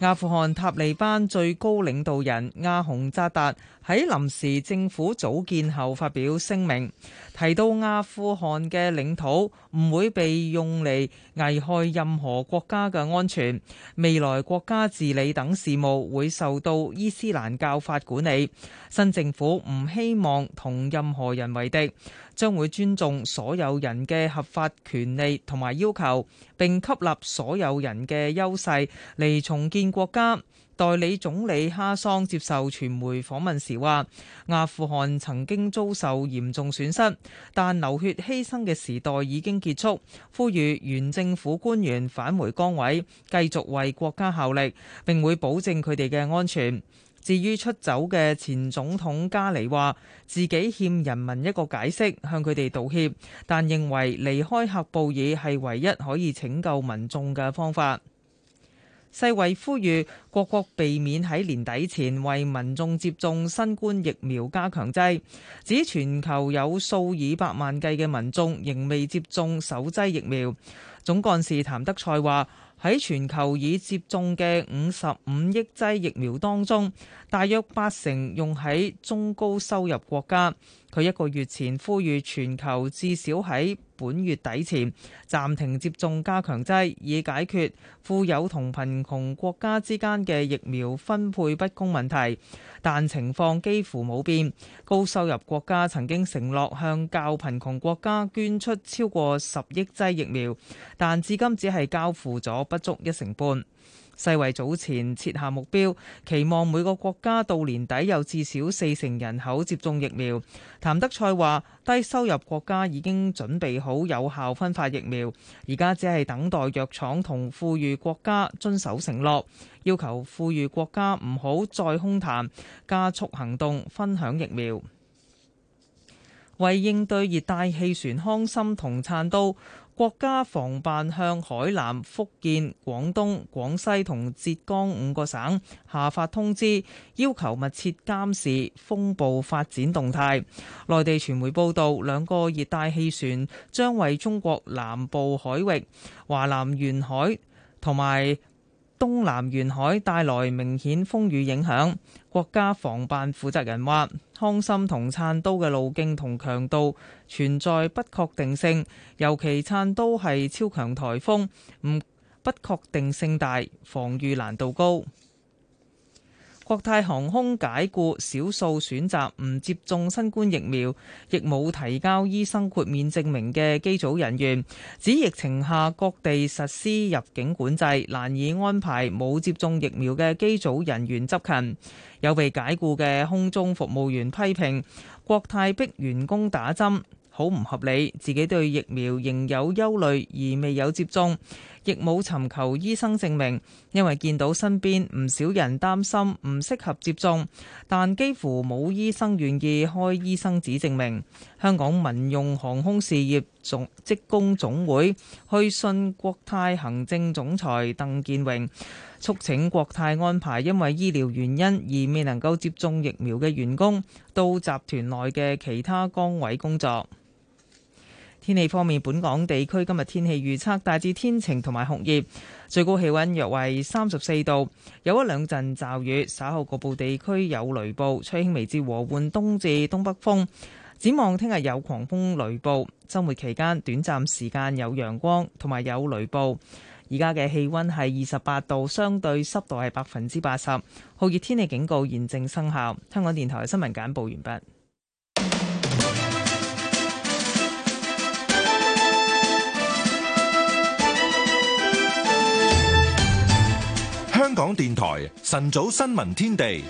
阿富汗塔利班最高領導人阿洪扎達喺臨時政府組建後發表聲明，提到阿富汗嘅領土唔會被用嚟危害任何國家嘅安全，未來國家治理等事務會受到伊斯蘭教法管理。新政府唔希望同任何人為敵。將會尊重所有人嘅合法權利同埋要求，並吸納所有人嘅優勢嚟重建國家。代理總理哈桑接受傳媒訪問時話，阿富汗曾經遭受嚴重損失，但流血犧牲嘅時代已經結束，呼籲原政府官員返回崗位，繼續為國家效力，並會保證佢哋嘅安全。至於出走嘅前總統加尼話，自己欠人民一個解釋，向佢哋道歉，但認為離開喀布爾係唯一可以拯救民眾嘅方法。世衛呼籲各國避免喺年底前為民眾接種新冠疫苗加強劑，指全球有數以百萬計嘅民眾仍未接種首劑疫苗。總幹事譚德塞話。喺全球已接種嘅五十五億劑疫苗當中，大約八成用喺中高收入國家。佢一個月前呼籲全球至少喺本月底前暫停接種加強劑，以解決富有同貧窮國家之間嘅疫苗分配不公問題。但情況幾乎冇變。高收入國家曾經承諾向較貧窮國家捐出超過十億劑疫苗，但至今只係交付咗不足一成半。世衛早前設下目標，期望每個國家到年底有至少四成人口接種疫苗。譚德塞話，低收入國家已經準備好有效分發疫苗，而家只係等待藥廠同富裕國家遵守承諾。要求富裕國家唔好再空談，加速行動分享疫苗。為應對熱帶氣旋康森同燦都，國家防辦向海南、福建、廣東、廣西同浙江五個省下發通知，要求密切監視風暴發展動態。內地傳媒報道，兩個熱帶氣旋將為中國南部海域、華南沿海同埋東南沿海帶來明顯風雨影響。國家防辦負責人話，康森同燦都嘅路徑同強度存在不確定性，尤其燦都係超強台風，唔不確定性大，防御難度高。國泰航空解僱少數選擇唔接種新冠疫苗，亦冇提交醫生豁免證明嘅機組人員，指疫情下各地實施入境管制，難以安排冇接種疫苗嘅機組人員執勤。有被解僱嘅空中服務員批評，國泰逼員工打針，好唔合理，自己對疫苗仍有憂慮而未有接種。亦冇尋求醫生證明，因為見到身邊唔少人擔心唔適合接種，但幾乎冇醫生願意開醫生紙證明。香港民用航空事業總職工總會去信國泰行政總裁鄧建榮，促請國泰安排因為醫療原因而未能夠接種疫苗嘅員工到集團內嘅其他崗位工作。天氣方面，本港地區今日天，天氣預測大致天晴同埋酷熱，最高氣溫約為三十四度，有一兩陣驟雨，稍後局部地區有雷暴，吹輕微至和緩東至東北風。展望聽日有狂風雷暴，週末期間短暫時間有陽光同埋有雷暴。而家嘅氣溫係二十八度，相對濕度係百分之八十，酷熱天氣警告現正生效。香港電台新聞簡報完畢。香港電台晨早新聞天地，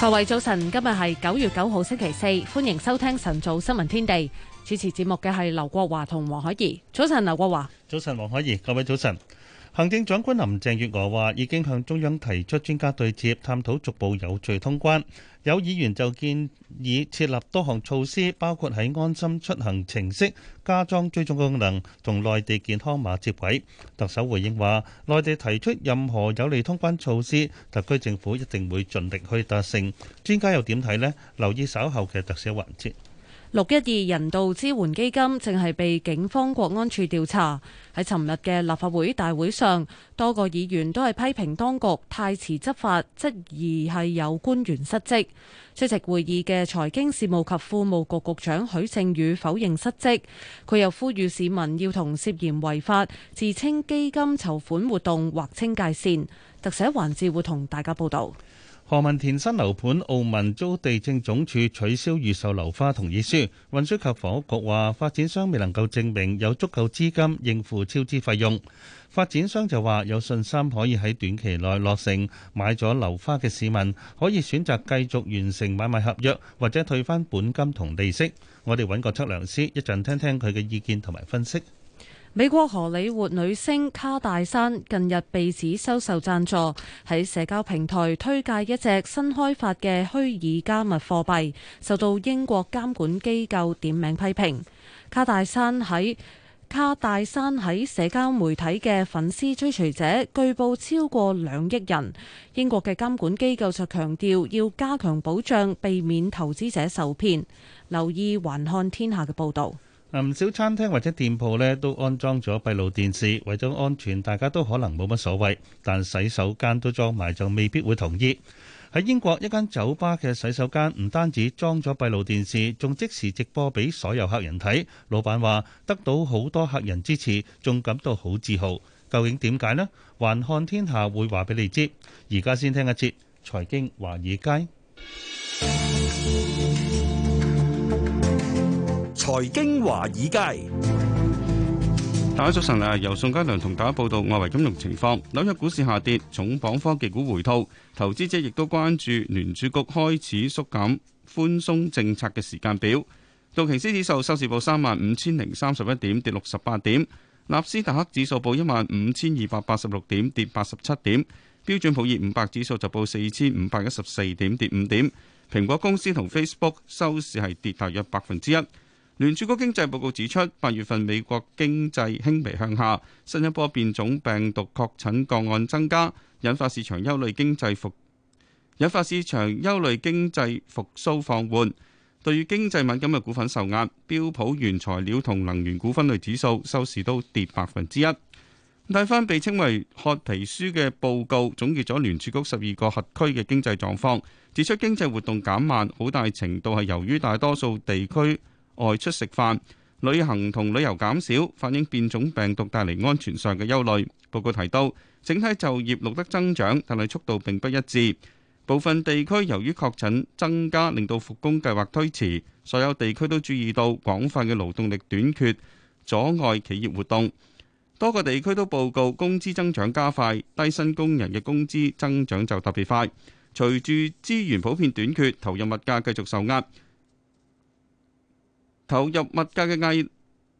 各位早晨，今日係九月九號星期四，歡迎收聽晨早新聞天地。主持節目嘅係劉國華同黃海怡。早晨，劉國華。早晨，黃海怡。各位早晨。行政長官林鄭月娥話：已經向中央提出專家對接，探討逐步有序通關。有議員就建議設立多項措施，包括喺安心出行程式加裝追蹤功能同內地健康碼接軌。特首回應話：內地提出任何有利通關措施，特區政府一定會盡力去達成。專家又點睇呢？留意稍後嘅特寫環節。六一二人道支援基金正係被警方國安處調查。喺尋日嘅立法會大會上，多個議員都係批評當局太遲執法，質疑係有官員失職。出席會議嘅財經事務及庫務局局長許正宇否認失職，佢又呼籲市民要同涉嫌違法自稱基金籌款活動劃清界線。特寫環節會同大家報道。何文田新樓盤澳門租地政總署取消預售樓花同意書，運輸及房屋局話發展商未能夠證明有足夠資金應付超支費用。發展商就話有信心可以喺短期內落成。買咗樓花嘅市民可以選擇繼續完成買賣合約，或者退翻本金同利息。我哋揾個測量師一陣聽聽佢嘅意見同埋分析。美國荷里活女星卡戴珊近日被指收受贊助，喺社交平台推介一隻新開發嘅虛擬加密貨幣，受到英國監管機構點名批評。卡戴珊喺卡戴珊喺社交媒體嘅粉絲追隨者據報超過兩億人，英國嘅監管機構就強調要加強保障，避免投資者受騙。留意《橫看天下》嘅報道。唔少、嗯、餐廳或者店鋪呢都安裝咗閉路電視，為咗安全，大家都可能冇乜所謂。但洗手間都裝埋就未必會同意。喺英國一間酒吧嘅洗手間唔單止裝咗閉路電視，仲即時直播俾所有客人睇。老闆話得到好多客人支持，仲感到好自豪。究竟點解呢？環看天下會話俾你知。而家先聽一節財經華爾街。財經華爾街，大家早晨。誒，由宋嘉良同大家報道外圍金融情況。紐約股市下跌，重磅科技股回吐，投資者亦都關注聯儲局開始縮減寬鬆政策嘅時間表。道瓊斯指數收市報三萬五千零三十一點，跌六十八點；納斯達克指數報一萬五千二百八十六點，跌八十七點；標準普爾五百指數就報四千五百一十四點，跌五點。蘋果公司同 Facebook 收市係跌大約百分之一。聯儲局經濟報告指出，八月份美國經濟輕微向下，新一波變種病毒確診個案增加，引發市場憂慮經濟復引發市場憂慮經濟復蘇放緩，對於經濟敏感嘅股份受壓，標普原材料同能源股分類指數收市都跌百分之一。睇翻被稱為褐皮書嘅報告，總結咗聯儲局十二個轄區嘅經濟狀況，指出經濟活動減慢，好大程度係由於大多數地區，外出食飯、旅行同旅遊減少，反映變種病毒帶嚟安全上嘅憂慮。報告提到，整體就業錄得增長，但係速度並不一致。部分地區由於確診增加，令到復工計劃推遲。所有地區都注意到廣泛嘅勞動力短缺，阻礙企業活動。多個地區都報告工資增長加快，低薪工人嘅工資增長就特別快。隨住資源普遍短缺，投入物價繼續受壓。投入物價嘅壓，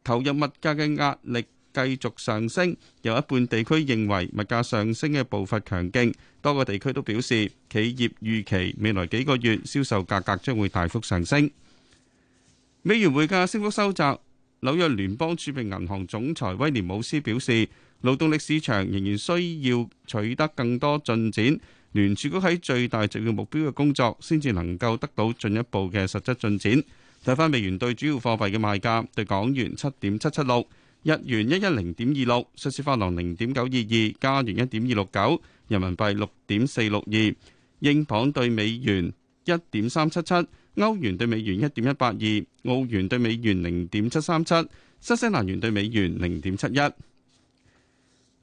投入物價嘅壓力繼續上升。有一半地區認為物價上升嘅步伐強勁，多個地區都表示企業預期未來幾個月銷售價格將會大幅上升。美元匯價升幅收窄。紐約聯邦儲備銀，銀行總裁威廉姆斯表示，勞動力市場仍然需要取得更多進展。聯儲局喺最大重要目標嘅工作先至能夠得到進一步嘅實質進展。睇翻美元對主要貨幣嘅賣價，對港元七點七七六，日元一一零點二六，瑞士法郎零點九二二，加元一點二六九，人民幣六點四六二，英鎊對美元一點三七七，歐元對美元一點一八二，澳元對美元零點七三七，新西蘭元對美元零點七一。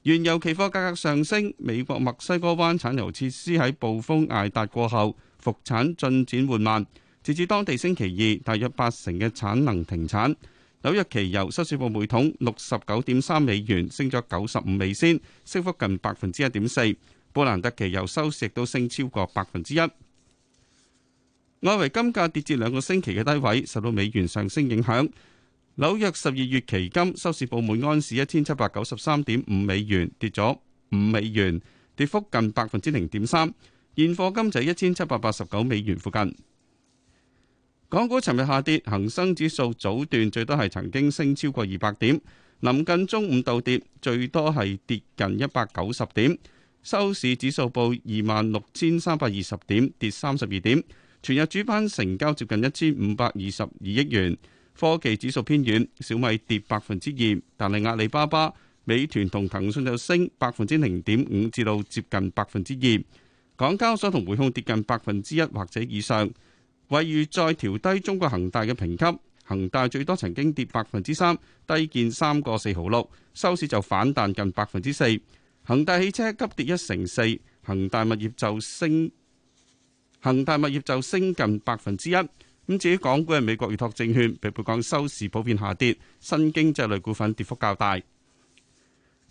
原油期貨價格上升，美國墨西哥灣產油設施喺暴風艾達過後，復產進展緩慢。截至當地星期二，大約八成嘅產能停產。紐約期油收市報每桶六十九點三美元，升咗九十五美仙，升幅近百分之一點四。布蘭特期油收市亦都升超過百分之一。外圍金價跌至兩個星期嘅低位，受到美元上升影響。紐約十二月期金收市報每安士一千七百九十三點五美元，跌咗五美元，跌幅近百分之零點三。現貨金就喺一千七百八十九美元附近。港股尋日下跌，恒生指數早段最多係曾經升超過二百點，臨近中午倒跌，最多係跌近一百九十點，收市指數報二萬六千三百二十點，跌三十二點。全日主板成交接近一千五百二十二億元。科技指數偏軟，小米跌百分之二，但係阿里巴巴、美團同騰訊就升百分之零點五至到接近百分之二。港交所同匯控跌近百分之一或者以上。位於再調低中國恒大嘅評級，恒大最多曾經跌百分之三，低見三個四毫六，收市就反彈近百分之四。恒大汽車急跌一成四，恒大物業就升，恒大物業就升近百分之一。咁至於港股嘅美國預託證券，比報講，收市普遍下跌，新經濟類股份跌幅較大。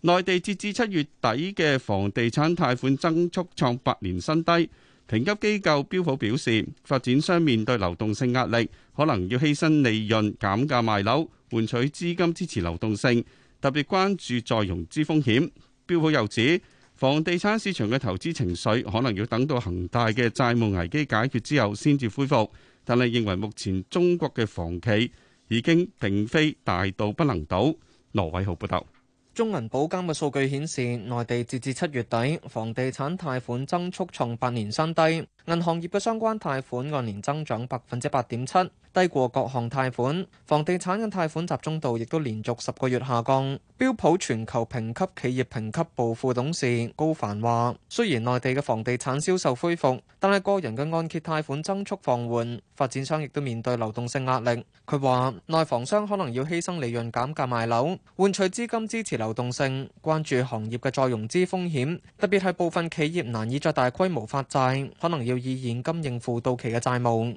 內地截至七月底嘅房地產貸款增速創八年新低。評級機構標普表示，發展商面對流動性壓力，可能要犧牲利潤減價賣樓，換取資金支持流動性。特別關注再融資風險。標普又指，房地產市場嘅投資情緒可能要等到恒大嘅債務危機解決之後先至恢復。但係認為目前中國嘅房企已經並非大到不能倒。羅偉豪報道。中銀保監嘅數據顯示，內地截至七月底，房地產貸款增速創八年新低，銀行業嘅相關貸款按年增長百分之八點七，低過各項貸款。房地產嘅貸款集中度亦都連續十個月下降。標普全球評級企業評級部副董事高凡話，雖然內地嘅房地產銷售恢復，但係個人嘅按揭貸款增速放緩，發展商亦都面對流動性壓力。佢話，內房商可能要犧牲利潤減價賣樓，換取資金支持流動性，關注行業嘅再融資風險，特別係部分企業難以再大規模發債，可能要以現金應付到期嘅債務。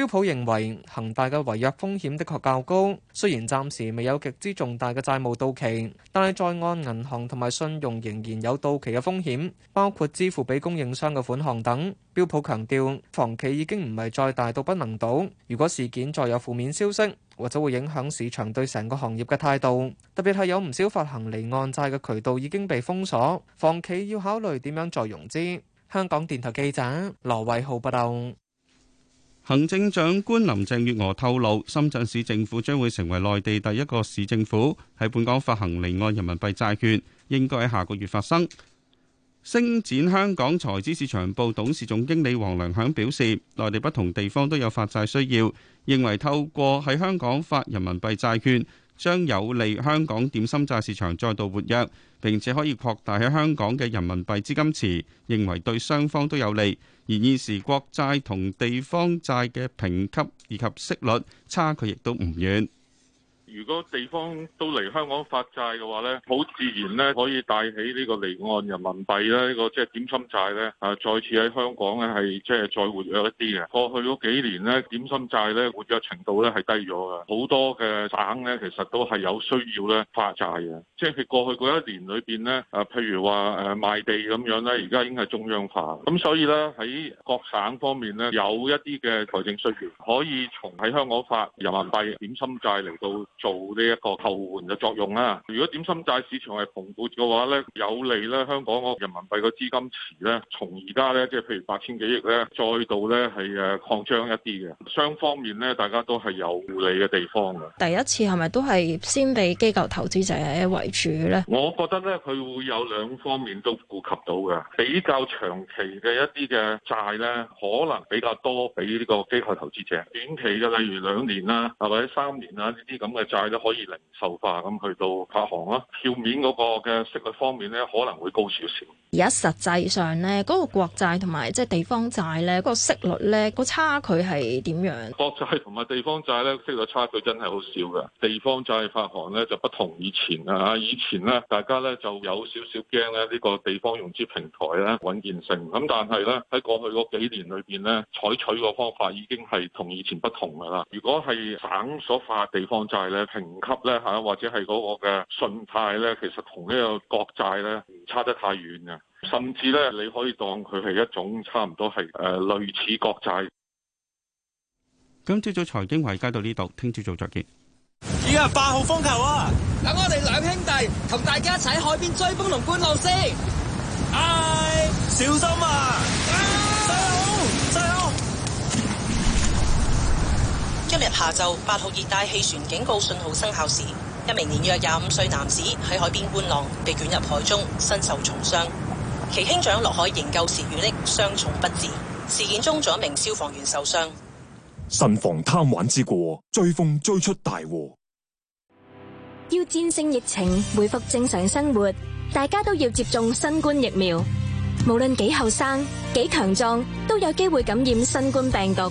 標普認為恒大嘅違約風險的確較高，雖然暫時未有極之重大嘅債務到期，但係在岸銀行同埋信用仍然有到期嘅風險，包括支付俾供應商嘅款項等。標普強調，房企已經唔係再大到不能倒，如果事件再有負面消息，或者會影響市場對成個行業嘅態度，特別係有唔少發行離岸債嘅渠道已經被封鎖，房企要考慮點樣再融資。香港電台記者羅偉浩報道。行政長官林鄭月娥透露，深圳市政府將會成為內地第一個市政府喺本港發行離岸人民幣債券，應該喺下個月發生。星展香港財資市場部董事總經理黃良響表示，內地不同地方都有發債需要，認為透過喺香港發人民幣債券，將有利香港點心債市場再度活躍，並且可以擴大喺香港嘅人民幣資金池，認為對雙方都有利。而現時國債同地方債嘅評級以及息率差距亦都唔遠。如果地方都嚟香港發債嘅話呢，好自然呢，可以帶起呢個離岸人民幣咧，呢個即係點心債呢，啊，再次喺香港咧係即係再活躍一啲嘅。過去嗰幾年呢，點心債咧活躍程度咧係低咗嘅。好多嘅省呢，其實都係有需要呢發債嘅，即係佢過去嗰一年裏邊呢，啊，譬如話誒賣地咁樣呢，而家已經係中央化。咁所以呢，喺各省方面呢，有一啲嘅財政需要，可以從喺香港發人民幣點心債嚟到。做呢一個後援嘅作用啦。如果點心債市場係蓬勃嘅話咧，有利咧香港個人民幣個資金池咧，從而家咧即係譬如八千幾億咧，再度咧係誒擴張一啲嘅。雙方面咧，大家都係有互利嘅地方嘅。第一次係咪都係先俾機構投資者為主咧？我覺得咧，佢會有兩方面都顧及到嘅。比較長期嘅一啲嘅債咧，可能比較多俾呢個機構投資者。短期嘅，例如兩年啦，或者三年啦呢啲咁嘅。這債都可以零售化咁去到發行啦，票面嗰個嘅息率方面咧可能會高少少。而家實際上咧，嗰個國債同埋即係地方債咧，嗰個息率咧，嗰個差距係點樣？國債同埋地方債咧息率差距真係好少嘅。地方債發行咧就不同以前啦，以前咧大家咧就有少少驚咧呢個地方融資平台咧穩健性。咁但係咧喺過去嗰幾年裏邊咧採取個方法已經係同以前不同㗎啦。如果係省所發地方債咧，評級咧吓，或者係嗰個嘅信貸咧，其實同呢個國債咧唔差得太遠啊，甚至咧你可以當佢係一種差唔多係誒類似國債。今朝早財經圍街到呢度，聽朝早再見。而家八號風球啊，等我哋兩兄弟同大家一齊海邊追風同觀路先，唉，小心啊！今日下晝八號熱帶氣旋警告信號生效時，一名年約廿五歲男子喺海邊觀浪，被捲入海中，身受重傷。其兄長落海營救時，遇溺傷重不治。事件中，仲有一名消防員受傷。慎防貪玩之過，追風追出大禍。要戰勝疫情，回復正常生活，大家都要接種新冠疫苗。無論幾後生，幾強壯，都有機會感染新冠病毒。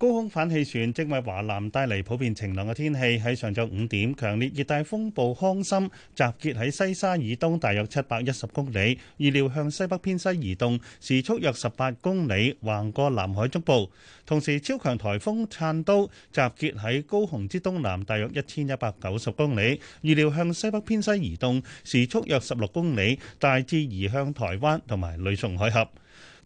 高空反氣旋正為華南帶嚟普遍晴朗嘅天氣。喺上晝五點，強烈熱帶風暴康森集結喺西沙以東，大約七百一十公里，預料向西北偏西移動，時速約十八公里，橫過南海中部。同時超強台，超強颱風燦都集結喺高雄之東南，大約一千一百九十公里，預料向西北偏西移動，時速約十六公里，大致移向台灣同埋呂宋海峽。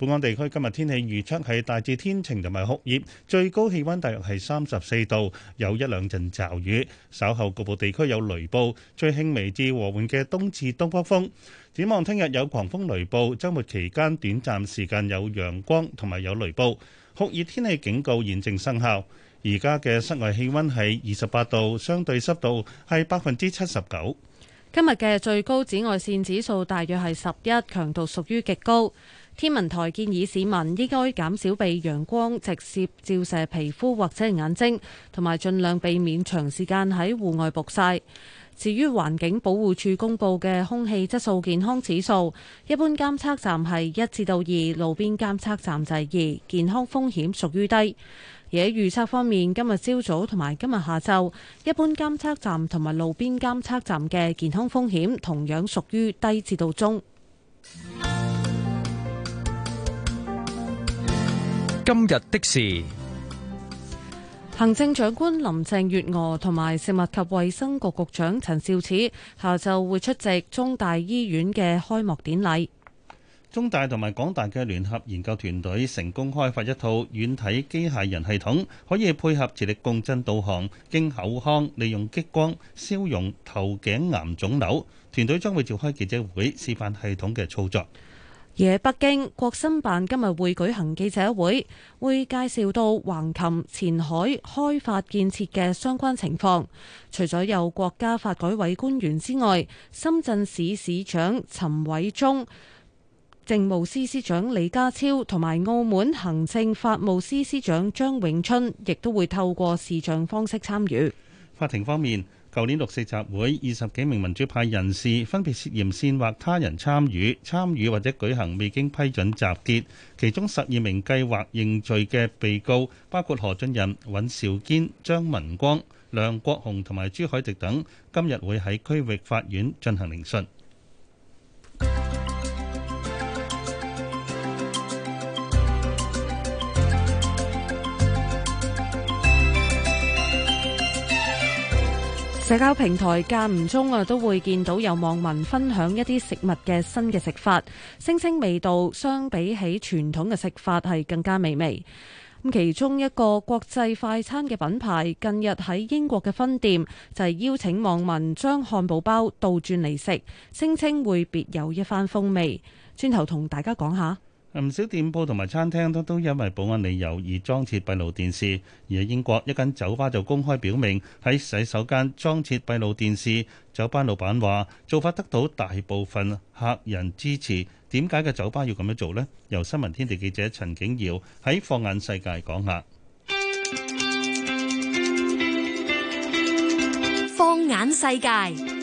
本港地區今日天氣預測係大致天晴同埋酷熱，最高氣温大約係三十四度，有一兩陣驟雨。稍後局部地區有雷暴，最輕微至和緩嘅東至東北風。展望聽日有狂風雷暴，週末期間短暫時間有陽光同埋有雷暴。酷熱天氣警告現正生效。而家嘅室外氣温係二十八度，相對濕度係百分之七十九。今日嘅最高紫外線指數大約係十一，強度屬於極高。天文台建議市民應該減少被陽光直接照射皮膚或者眼睛，同埋盡量避免長時間喺戶外曝曬。至於環境保護署公布嘅空氣質素健康指數，一般監測站係一至到二，2，路邊監測站就係二，健康風險屬於低。而喺預測方面，今日朝早同埋今日下晝，一般監測站同埋路邊監測站嘅健康風險同樣屬於低至到中。今日的事，行政長官林鄭月娥同埋食物及衛生局局長陳肇始下晝會出席中大醫院嘅開幕典禮。中大同埋港大嘅聯合研究團隊成功開發一套軟體機械人系統，可以配合磁力共振導航經口腔利用激光消融頭頸癌腫瘤。團隊將會召開記者會示範系統嘅操作。嘢，而北京國新辦今日會舉行記者會，會介紹到橫琴前海開發建設嘅相關情況。除咗有國家發改委官員之外，深圳市市長陳偉忠、政務司司長李家超同埋澳門行政法務司司長張永春，亦都會透過視像方式參與。法庭方面。舊年六四集會二十幾名民主派人士分別涉嫌煽惑他人參與、參與或者舉行未經批准集結，其中十二名計劃認罪嘅被告，包括何俊仁、尹兆堅、張文光、梁國雄同埋朱凱廸等，今日會喺區域法院進行聆訊。社交平台間唔中啊，都會見到有網民分享一啲食物嘅新嘅食法，聲稱味道相比起傳統嘅食法係更加美味。咁其中一個國際快餐嘅品牌近日喺英國嘅分店就係邀請網民將漢堡包倒轉嚟食，聲稱會別有一番風味。轉頭同大家講下。唔少店鋪同埋餐廳都都因為保安理由而裝設閉路電視。而喺英國，一間酒吧就公開表明喺洗手間裝設閉路電視。酒吧老闆話做法得到大部分客人支持。點解嘅酒吧要咁樣做呢？由新聞天地記者陳景堯喺放眼世界講下。放眼世界。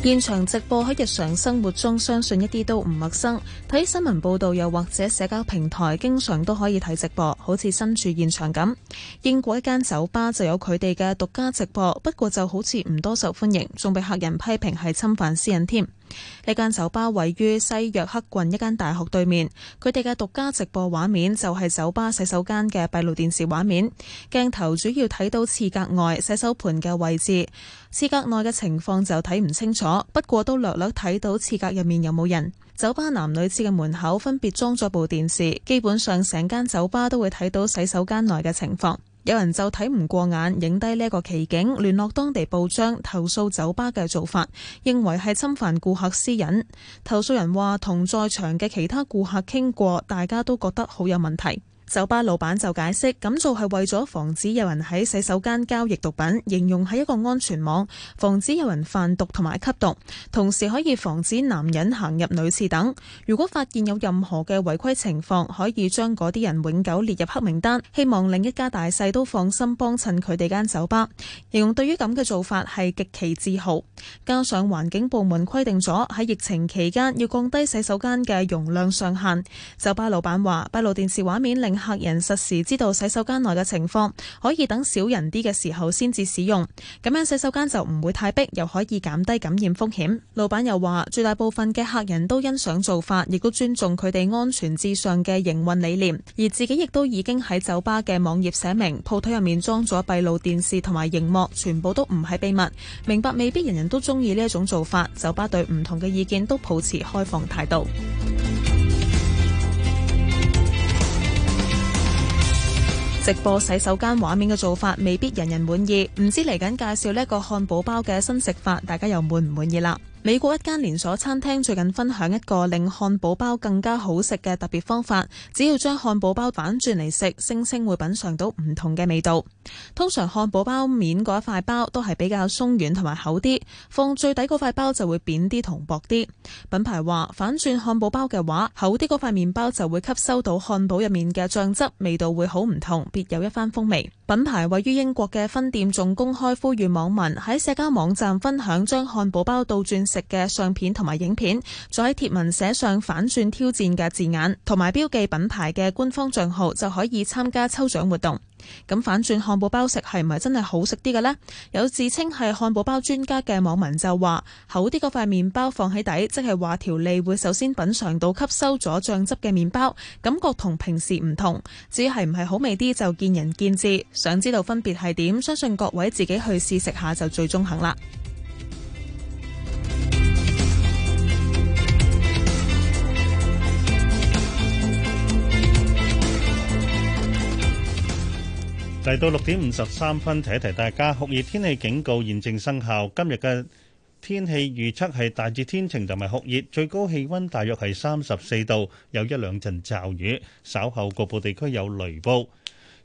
現場直播喺日常生活中相信一啲都唔陌生，睇新聞報道又或者社交平台經常都可以睇直播，好似身處現場咁。英國一間酒吧就有佢哋嘅獨家直播，不過就好似唔多受歡迎，仲被客人批評係侵犯私隱添。呢間酒吧位於西約克郡一間大學對面。佢哋嘅獨家直播畫面就係酒吧洗手間嘅閉路電視畫面，鏡頭主要睇到廁格外洗手盆嘅位置，廁格內嘅情況就睇唔清楚。不過都略略睇到廁格入面有冇人。酒吧男、女廁嘅門口分別裝咗部電視，基本上成間酒吧都會睇到洗手間內嘅情況。有人就睇唔過眼，影低呢個奇景，聯絡當地報章投訴酒吧嘅做法，認為係侵犯顧客私隱，投訴人話同在場嘅其他顧客傾過，大家都覺得好有問題。酒吧老闆就解釋，咁做係為咗防止有人喺洗手間交易毒品，形容係一個安全網，防止有人販毒同埋吸毒，同時可以防止男人行入女廁等。如果發現有任何嘅違規情況，可以將嗰啲人永久列入黑名單。希望另一家大細都放心幫襯佢哋間酒吧。形容對於咁嘅做法係極其自豪。加上環境部門規定咗喺疫情期間要降低洗手間嘅容量上限。酒吧老闆話，閉路電視畫面令客人實時知道洗手間內嘅情況，可以等少人啲嘅時候先至使用，咁樣洗手間就唔會太逼，又可以減低感染風險。老闆又話，絕大部分嘅客人都欣賞做法，亦都尊重佢哋安全至上嘅營運理念，而自己亦都已經喺酒吧嘅網頁寫明，鋪頭入面裝咗閉路電視同埋熒幕，全部都唔係秘密。明白未必人人都中意呢一種做法，酒吧對唔同嘅意見都抱持開放態度。直播洗手間畫面嘅做法未必人人滿意，唔知嚟緊介紹呢個漢堡包嘅新食法，大家又滿唔滿意啦？美國一間連鎖餐廳最近分享一個令漢堡包更加好食嘅特別方法，只要將漢堡包反轉嚟食，聲稱會品嚐到唔同嘅味道。通常漢堡包面嗰一塊包都係比較鬆軟同埋厚啲，放最底嗰塊包就會扁啲同薄啲。品牌話反轉漢堡包嘅話，厚啲嗰塊麵包就會吸收到漢堡入面嘅醬汁，味道會好唔同，別有一番風味。品牌位於英國嘅分店仲公開呼籲網民喺社交網站分享將漢堡包倒轉食嘅相片同埋影片，再喺貼文寫上反轉挑戰嘅字眼同埋標記品牌嘅官方帳號就可以參加抽獎活動。咁反轉漢堡包食係咪真係好食啲嘅呢？有自稱係漢堡包專家嘅網民就話：厚啲嗰塊麵包放喺底，即係話條脷會首先品嚐到吸收咗醬汁嘅麵包，感覺同平時唔同。至於係唔係好味啲，就見仁見智。想知道分別係點，相信各位自己去試食下就最中肯啦。嚟到六點五十三分，提一提大家，酷熱天氣警告現正生效。今日嘅天氣預測係大致天晴同埋酷熱，最高氣溫大約係三十四度，有一兩陣驟雨，稍後局部地區有雷暴。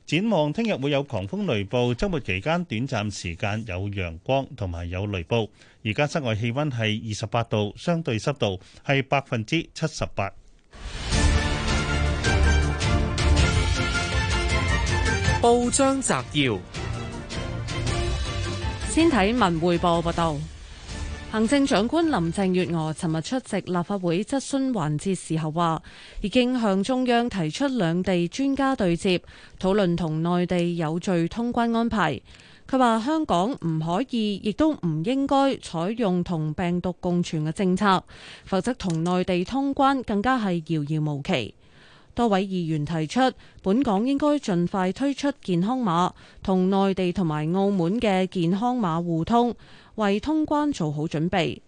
展望聽日會有狂風雷暴，週末期間短暫時間有陽光同埋有雷暴。而家室外氣溫係二十八度，相對濕度係百分之七十八。報章摘要，先睇文匯報報道，行政長官林鄭月娥尋日出席立法會質詢環節時候話，已經向中央提出兩地專家對接討論同內地有序通關安排。佢話香港唔可以，亦都唔應該採用同病毒共存嘅政策，否則同內地通關更加係遙遙無期。多位議員提出，本港應該盡快推出健康碼，同內地同埋澳門嘅健康碼互通，為通關做好準備。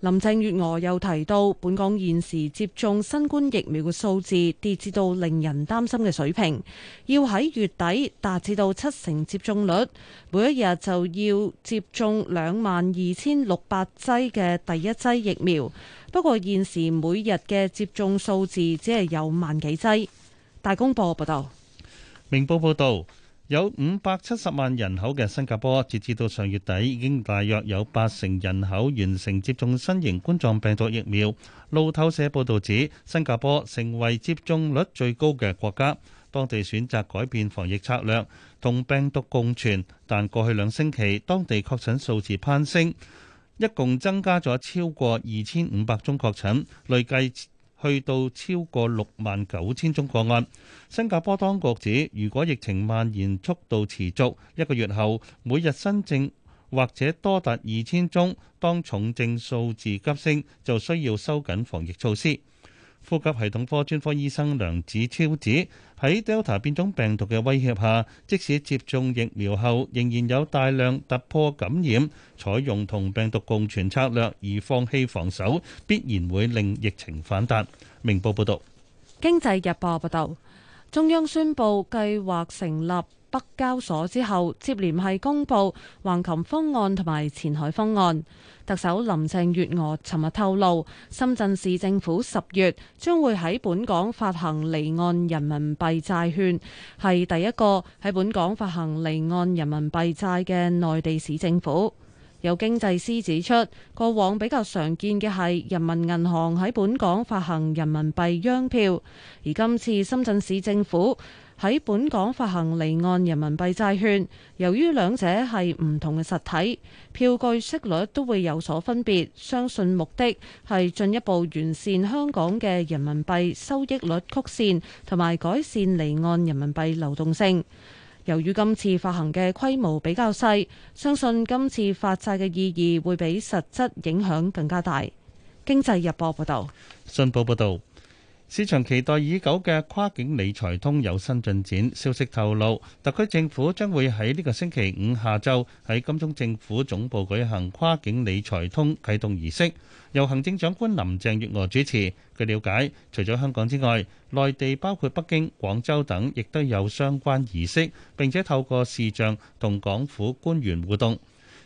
林鄭月娥又提到，本港現時接種新冠疫苗嘅數字跌至到令人擔心嘅水平，要喺月底達至到七成接種率，每一日就要接種兩萬二千六百劑嘅第一劑疫苗。不過，現時每日嘅接種數字只係有萬幾劑。大公報報道，明報報道，有五百七十萬人口嘅新加坡，截至到上月底，已經大約有八成人口完成接種新型冠狀病毒疫苗。路透社報道指，新加坡成為接種率最高嘅國家，當地選擇改變防疫策略，同病毒共存。但過去兩星期，當地確診數字攀升。一共增加咗超過二千五百宗確診，累計去到超過六萬九千宗個案。新加坡當局指，如果疫情蔓延速度持續，一個月後每日新症或者多達二千宗，當重症數字急升，就需要收緊防疫措施。呼吸系統科專科醫生梁子超指，喺 Delta 變種病毒嘅威脅下，即使接種疫苗後，仍然有大量突破感染。採用同病毒共存策略而放棄防守，必然會令疫情反彈。明報報導，《經濟日報》報導，中央宣布計劃成立。北交所之後接連係公布橫琴方案同埋前海方案。特首林鄭月娥尋日透露，深圳市政府十月將會喺本港發行離岸人民幣債券，係第一個喺本港發行離岸人民幣債嘅內地市政府。有經濟師指出，過往比較常見嘅係人民銀行喺本港發行人民幣央票，而今次深圳市政府。喺本港發行離岸人民幣債券，由於兩者係唔同嘅實體，票據息率都會有所分別。相信目的係進一步完善香港嘅人民幣收益率曲線，同埋改善離岸人民幣流動性。由於今次發行嘅規模比較細，相信今次發債嘅意義會比實質影響更加大。經濟日報報道。信報報導。市場期待已久嘅跨境理財通有新進展，消息透露，特區政府將會喺呢個星期五下晝喺金鐘政府總部舉行跨境理財通啟動儀式，由行政長官林鄭月娥主持。據了解，除咗香港之外，內地包括北京、廣州等，亦都有相關儀式，並且透過視像同港府官員互動。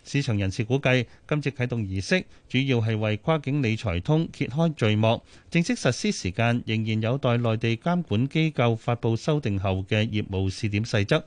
市場人士估計，今次啟動儀式主要係為跨境理財通揭開序幕，正式實施時間仍然有待內地監管機構發布修訂後嘅業務試點細則。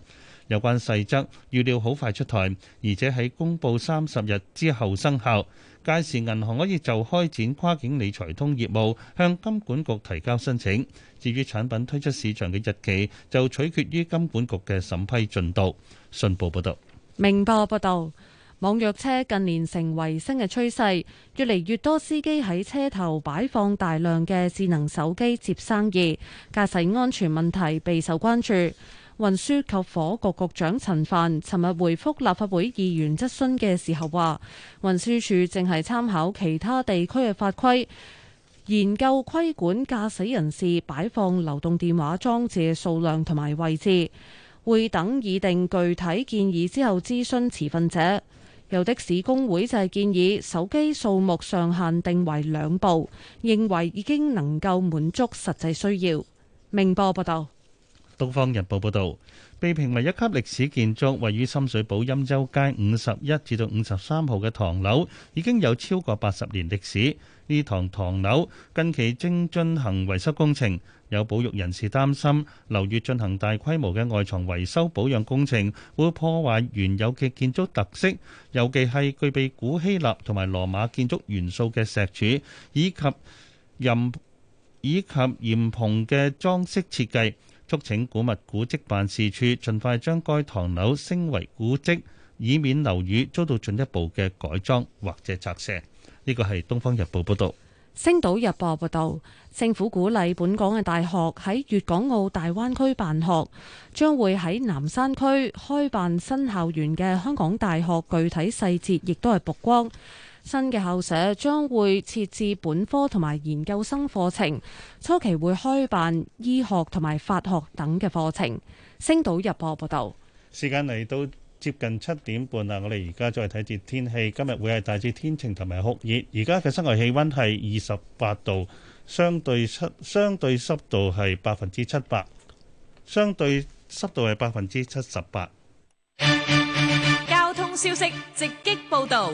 有關細則預料好快出台，而且喺公佈三十日之後生效。屆時銀行可以就開展跨境理財通業務向金管局提交申請。至於產品推出市場嘅日期，就取決於金管局嘅審批進度。信報報導，明報報導。網約車近年成為新嘅趨勢，越嚟越多司機喺車頭擺放大量嘅智能手機接生意，駕駛安全問題備受關注。運輸及火局局長陳帆尋日回復立法會議員質詢嘅時候話，運輸署正係參考其他地區嘅法規，研究規管駕駛人士擺放流動電話裝置嘅數量同埋位置，會等擬定具體建議之後諮詢持份者。有的士工會就係建議手機數目上限定為兩部，認為已經能夠滿足實際需要。明報報導，《東方日報》報導，被評為一級歷史建築，位於深水埗欽州街五十一至到五十三號嘅唐樓，已經有超過八十年歷史。呢幢唐樓近期正進行維修工程。有保育人士擔心，樓宇進行大規模嘅外牆維修保養工程，會破壞原有嘅建築特色，尤其係具備古希臘同埋羅馬建築元素嘅石柱，以及檐以及檐篷嘅裝飾設計，促請古物古蹟辦事處盡快將該唐樓升為古蹟，以免樓宇遭到進一步嘅改裝或者拆卸。呢個係東方日報報道。星島日報報道，政府鼓勵本港嘅大學喺粵港澳大灣區辦學，將會喺南山區開辦新校園嘅香港大學，具體細節亦都係曝光，新嘅校舍將會設置本科同埋研究生課程，初期會開辦醫學同埋法學等嘅課程。星島日報報道，時間嚟到。接近七點半啦，我哋而家再睇次天氣。今日會係大致天晴同埋酷熱。而家嘅室外氣温係二十八度，相對濕相對濕度係百分之七百，相對濕度係百分之七十八。交通消息直擊報導。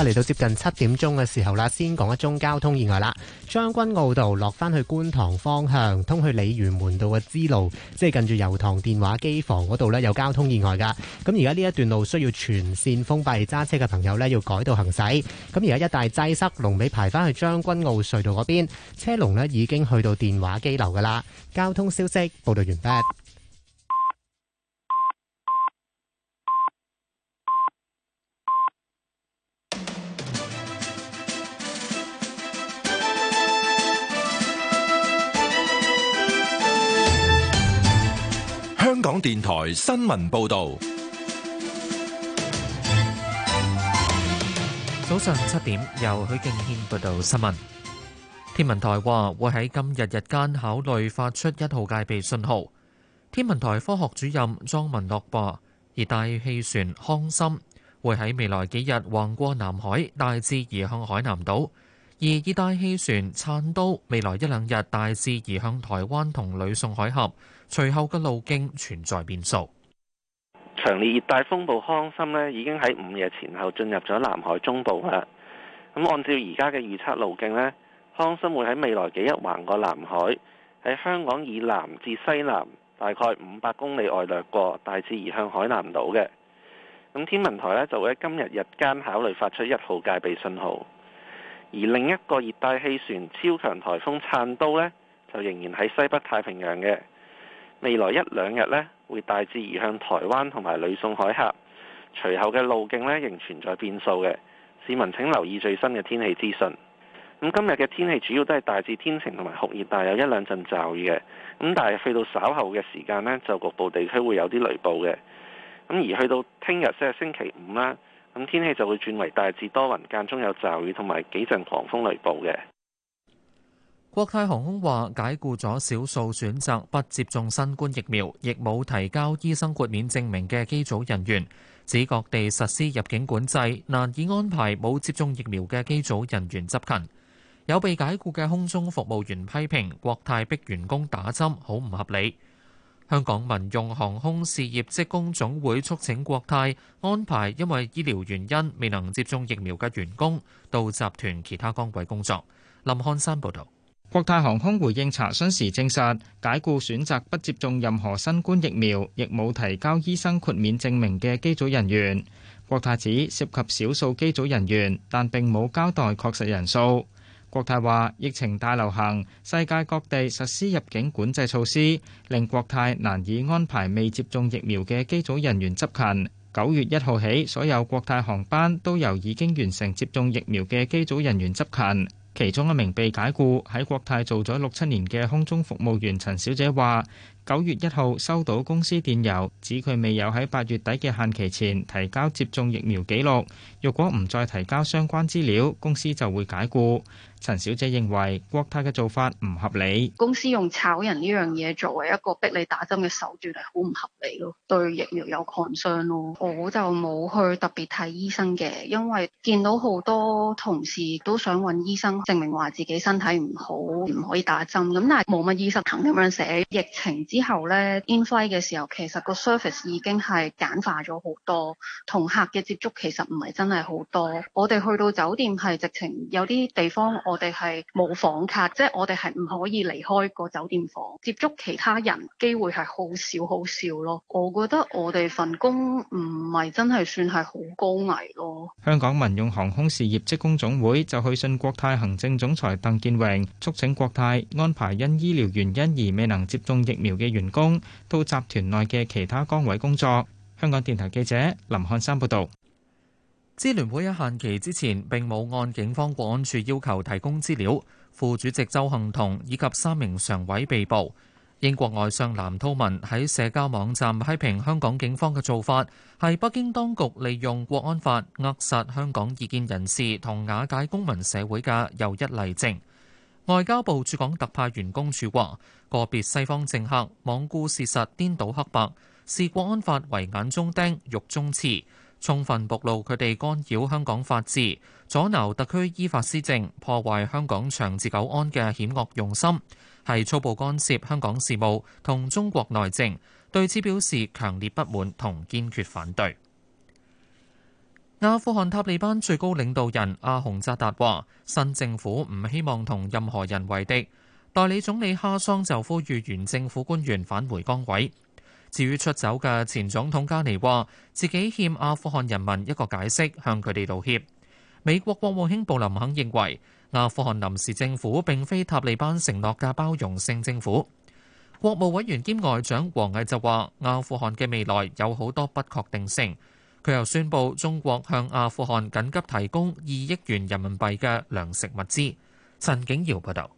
嚟到接近七點鐘嘅時候啦，先講一宗交通意外啦。將軍澳道落翻去觀塘方向，通去鯉魚門道嘅支路，即係近住油塘電話機房嗰度呢，有交通意外嘅。咁而家呢一段路需要全線封閉，揸車嘅朋友呢要改道行駛。咁而家一帶擠塞，龍尾排翻去將軍澳隧道嗰邊，車龍咧已經去到電話機樓噶啦。交通消息報道完畢。香港電台新聞報道，早上七點由許敬軒報道新聞。天文台話會喺今日日間考慮發出一號戒備信號。天文台科學主任莊文樂話，熱帶氣旋康森會喺未來幾日橫過南海，大致移向海南島；而熱帶氣旋燦都未來一兩日大致移向台灣同呂宋海峽。隨後嘅路徑存在變數。強烈熱帶風暴康森咧，已經喺午夜前後進入咗南海中部啦。咁按照而家嘅預測路徑咧，康森會喺未來幾日橫過南海，喺香港以南至西南大概五百公里外掠過，大致移向海南島嘅。咁天文台咧就會喺今日日間考慮發出一號戒備信號。而另一個熱帶氣旋超強颱風燦都咧，就仍然喺西北太平洋嘅。未來一兩日咧，會大致移向台灣同埋呂宋海峽，隨後嘅路徑咧仍存在變數嘅，市民請留意最新嘅天氣資訊。咁今日嘅天氣主要都係大致天晴同埋酷熱，但有一兩陣驟雨嘅。咁但係去到稍後嘅時間咧，就局部地區會有啲雷暴嘅。咁而去到聽日即係星期五啦，咁天氣就會轉為大致多雲，間中有驟雨同埋幾陣狂風雷暴嘅。國泰航空話解雇咗少數選擇不接種新冠疫苗，亦冇提交醫生豁免證明嘅機組人員。指各地實施入境管制，難以安排冇接種疫苗嘅機組人員執勤。有被解雇嘅空中服務員批評國泰逼員工打針好唔合理。香港民用航空事業職工總會促請國泰安排因為醫療原因未能接種疫苗嘅員工到集團其他崗位工作。林漢山報導。國泰航空回應查詢時證實，解雇選擇不接種任何新冠疫苗，亦冇提交醫生豁免證明嘅機組人員。國泰指涉及少數機組人員，但並冇交代確實人數。國泰話：疫情大流行，世界各地實施入境管制措施，令國泰難以安排未接種疫苗嘅機組人員執勤。九月一號起，所有國泰航班都由已經完成接種疫苗嘅機組人員執勤。其中一名被解雇喺國泰做咗六七年嘅空中服務員陳小姐話，九月一號收到公司電郵，指佢未有喺八月底嘅限期前提交接種疫苗記錄，如果唔再提交相關資料，公司就會解雇。陳小姐認為國泰嘅做法唔合理，公司用炒人呢樣嘢作為一個逼你打針嘅手段係好唔合理咯，對疫苗有抗傷咯。我就冇去特別睇醫生嘅，因為見到好多同事都想揾醫生證明話自己身體唔好，唔可以打針。咁但係冇乜醫生肯咁樣寫。疫情之後呢，In-flight 嘅時候，其實個 service 已經係簡化咗好多，同客嘅接觸其實唔係真係好多。我哋去到酒店係直情有啲地方我哋係冇房卡，即係我哋係唔可以離開個酒店房，接觸其他人機會係好少好少咯。我覺得我哋份工唔係真係算係好高危咯。香港民用航空事業職工總會就去信國泰行政總裁鄧健榮，促請國泰安排因醫療原因而未能接種疫苗嘅員工到集團內嘅其他崗位工作。香港電台記者林漢山報導。支聯會喺限期之前並冇按警方國安處要求提供資料，副主席鄒幸彤以及三名常委被捕。英國外相藍韜文喺社交網站批評香港警方嘅做法係北京當局利用國安法扼殺香港異見人士同瓦解公民社會嘅又一例證。外交部駐港特派員公署話：個別西方政客罔顧事實、顛倒黑白，視國安法為眼中釘、肉中刺。充分暴露佢哋干擾香港法治、阻撓特區依法施政、破壞香港長治久安嘅險惡用心，係粗暴干涉香港事務同中國內政，對此表示強烈不滿同堅決反對。阿富汗塔利班最高領導人阿洪扎達話：新政府唔希望同任何人為敵，代理總理哈桑就呼籲原政府官員返回崗位。至於出走嘅前總統加尼話，自己欠阿富汗人民一個解釋，向佢哋道歉。美國國務卿布林肯認為，阿富汗臨時政府並非塔利班承諾嘅包容性政府。國務委員兼外長王毅就話，阿富汗嘅未來有好多不確定性。佢又宣布，中國向阿富汗緊急提供二億元人民幣嘅糧食物資。陳景耀報道。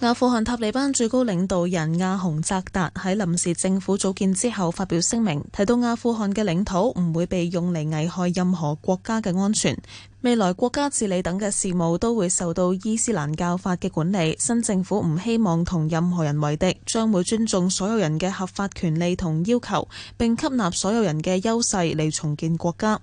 阿富汗塔利班最高領導人阿洪扎達喺臨時政府組建之後發表聲明，提到阿富汗嘅領土唔會被用嚟危害任何國家嘅安全。未來國家治理等嘅事務都會受到伊斯蘭教法嘅管理。新政府唔希望同任何人為敵，將會尊重所有人嘅合法權利同要求，並吸納所有人嘅優勢嚟重建國家。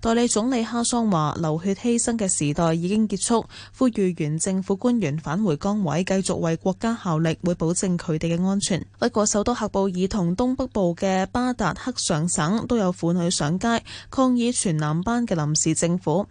代理總理哈桑話：流血犧牲嘅時代已經結束，呼籲原政府官員返回崗位，繼續為國家效力，會保證佢哋嘅安全。不過，首都喀布爾同東北部嘅巴達克尚省都有婦女上街抗議全男班嘅臨時政府。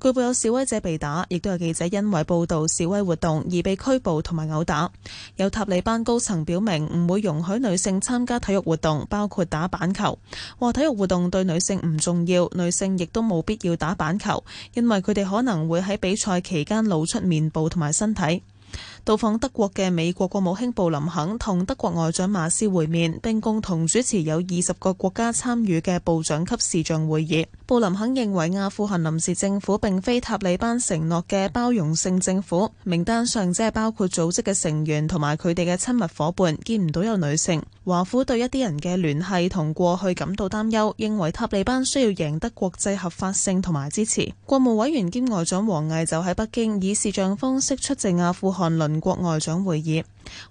據報有示威者被打，亦都有記者因為報導示威活動而被拘捕同埋毆打。有塔利班高層表明唔會容許女性參加體育活動，包括打板球，話體育活動對女性唔重要，女性亦都冇必要打板球，因為佢哋可能會喺比賽期間露出面部同埋身體。到訪德國嘅美國國務卿布林肯同德國外長馬斯會面，並共同主持有二十個國家參與嘅部長級視像會議。布林肯認為阿富汗臨時政府並非塔利班承諾嘅包容性政府，名單上只係包括組織嘅成員同埋佢哋嘅親密夥伴，見唔到有女性。華府對一啲人嘅聯繫同過去感到擔憂，認為塔利班需要贏得國際合法性同埋支持。國務委員兼外長王毅就喺北京以視像方式出席阿富汗鄰國外長會議，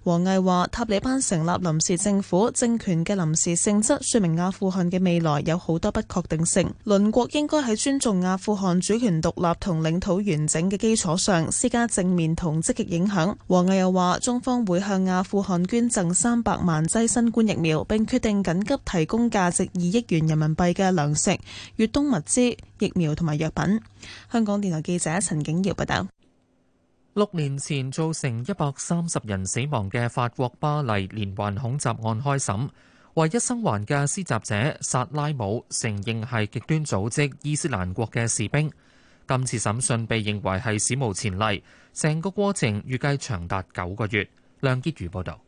王毅話塔利班成立臨時政府，政權嘅臨時性質說明阿富汗嘅未來有好多不確定性。鄰國應該喺尊重阿富汗主權獨立同領土完整嘅基礎上，施加正面同積極影響，王毅又話中方會向阿富汗捐贈三百萬劑新冠疫苗，並決定緊急提供價值二億元人民幣嘅糧食、越冬物資、疫苗同埋藥品。香港電台記者陳景堯報道。拜拜六年前造成一百三十人死亡嘅法國巴黎連環恐襲案開審，唯一生還嘅施襲者薩拉姆承認係極端組織伊斯蘭國嘅士兵。今次審訊被認為係史無前例，成個過程預計長達九個月。梁潔如報道，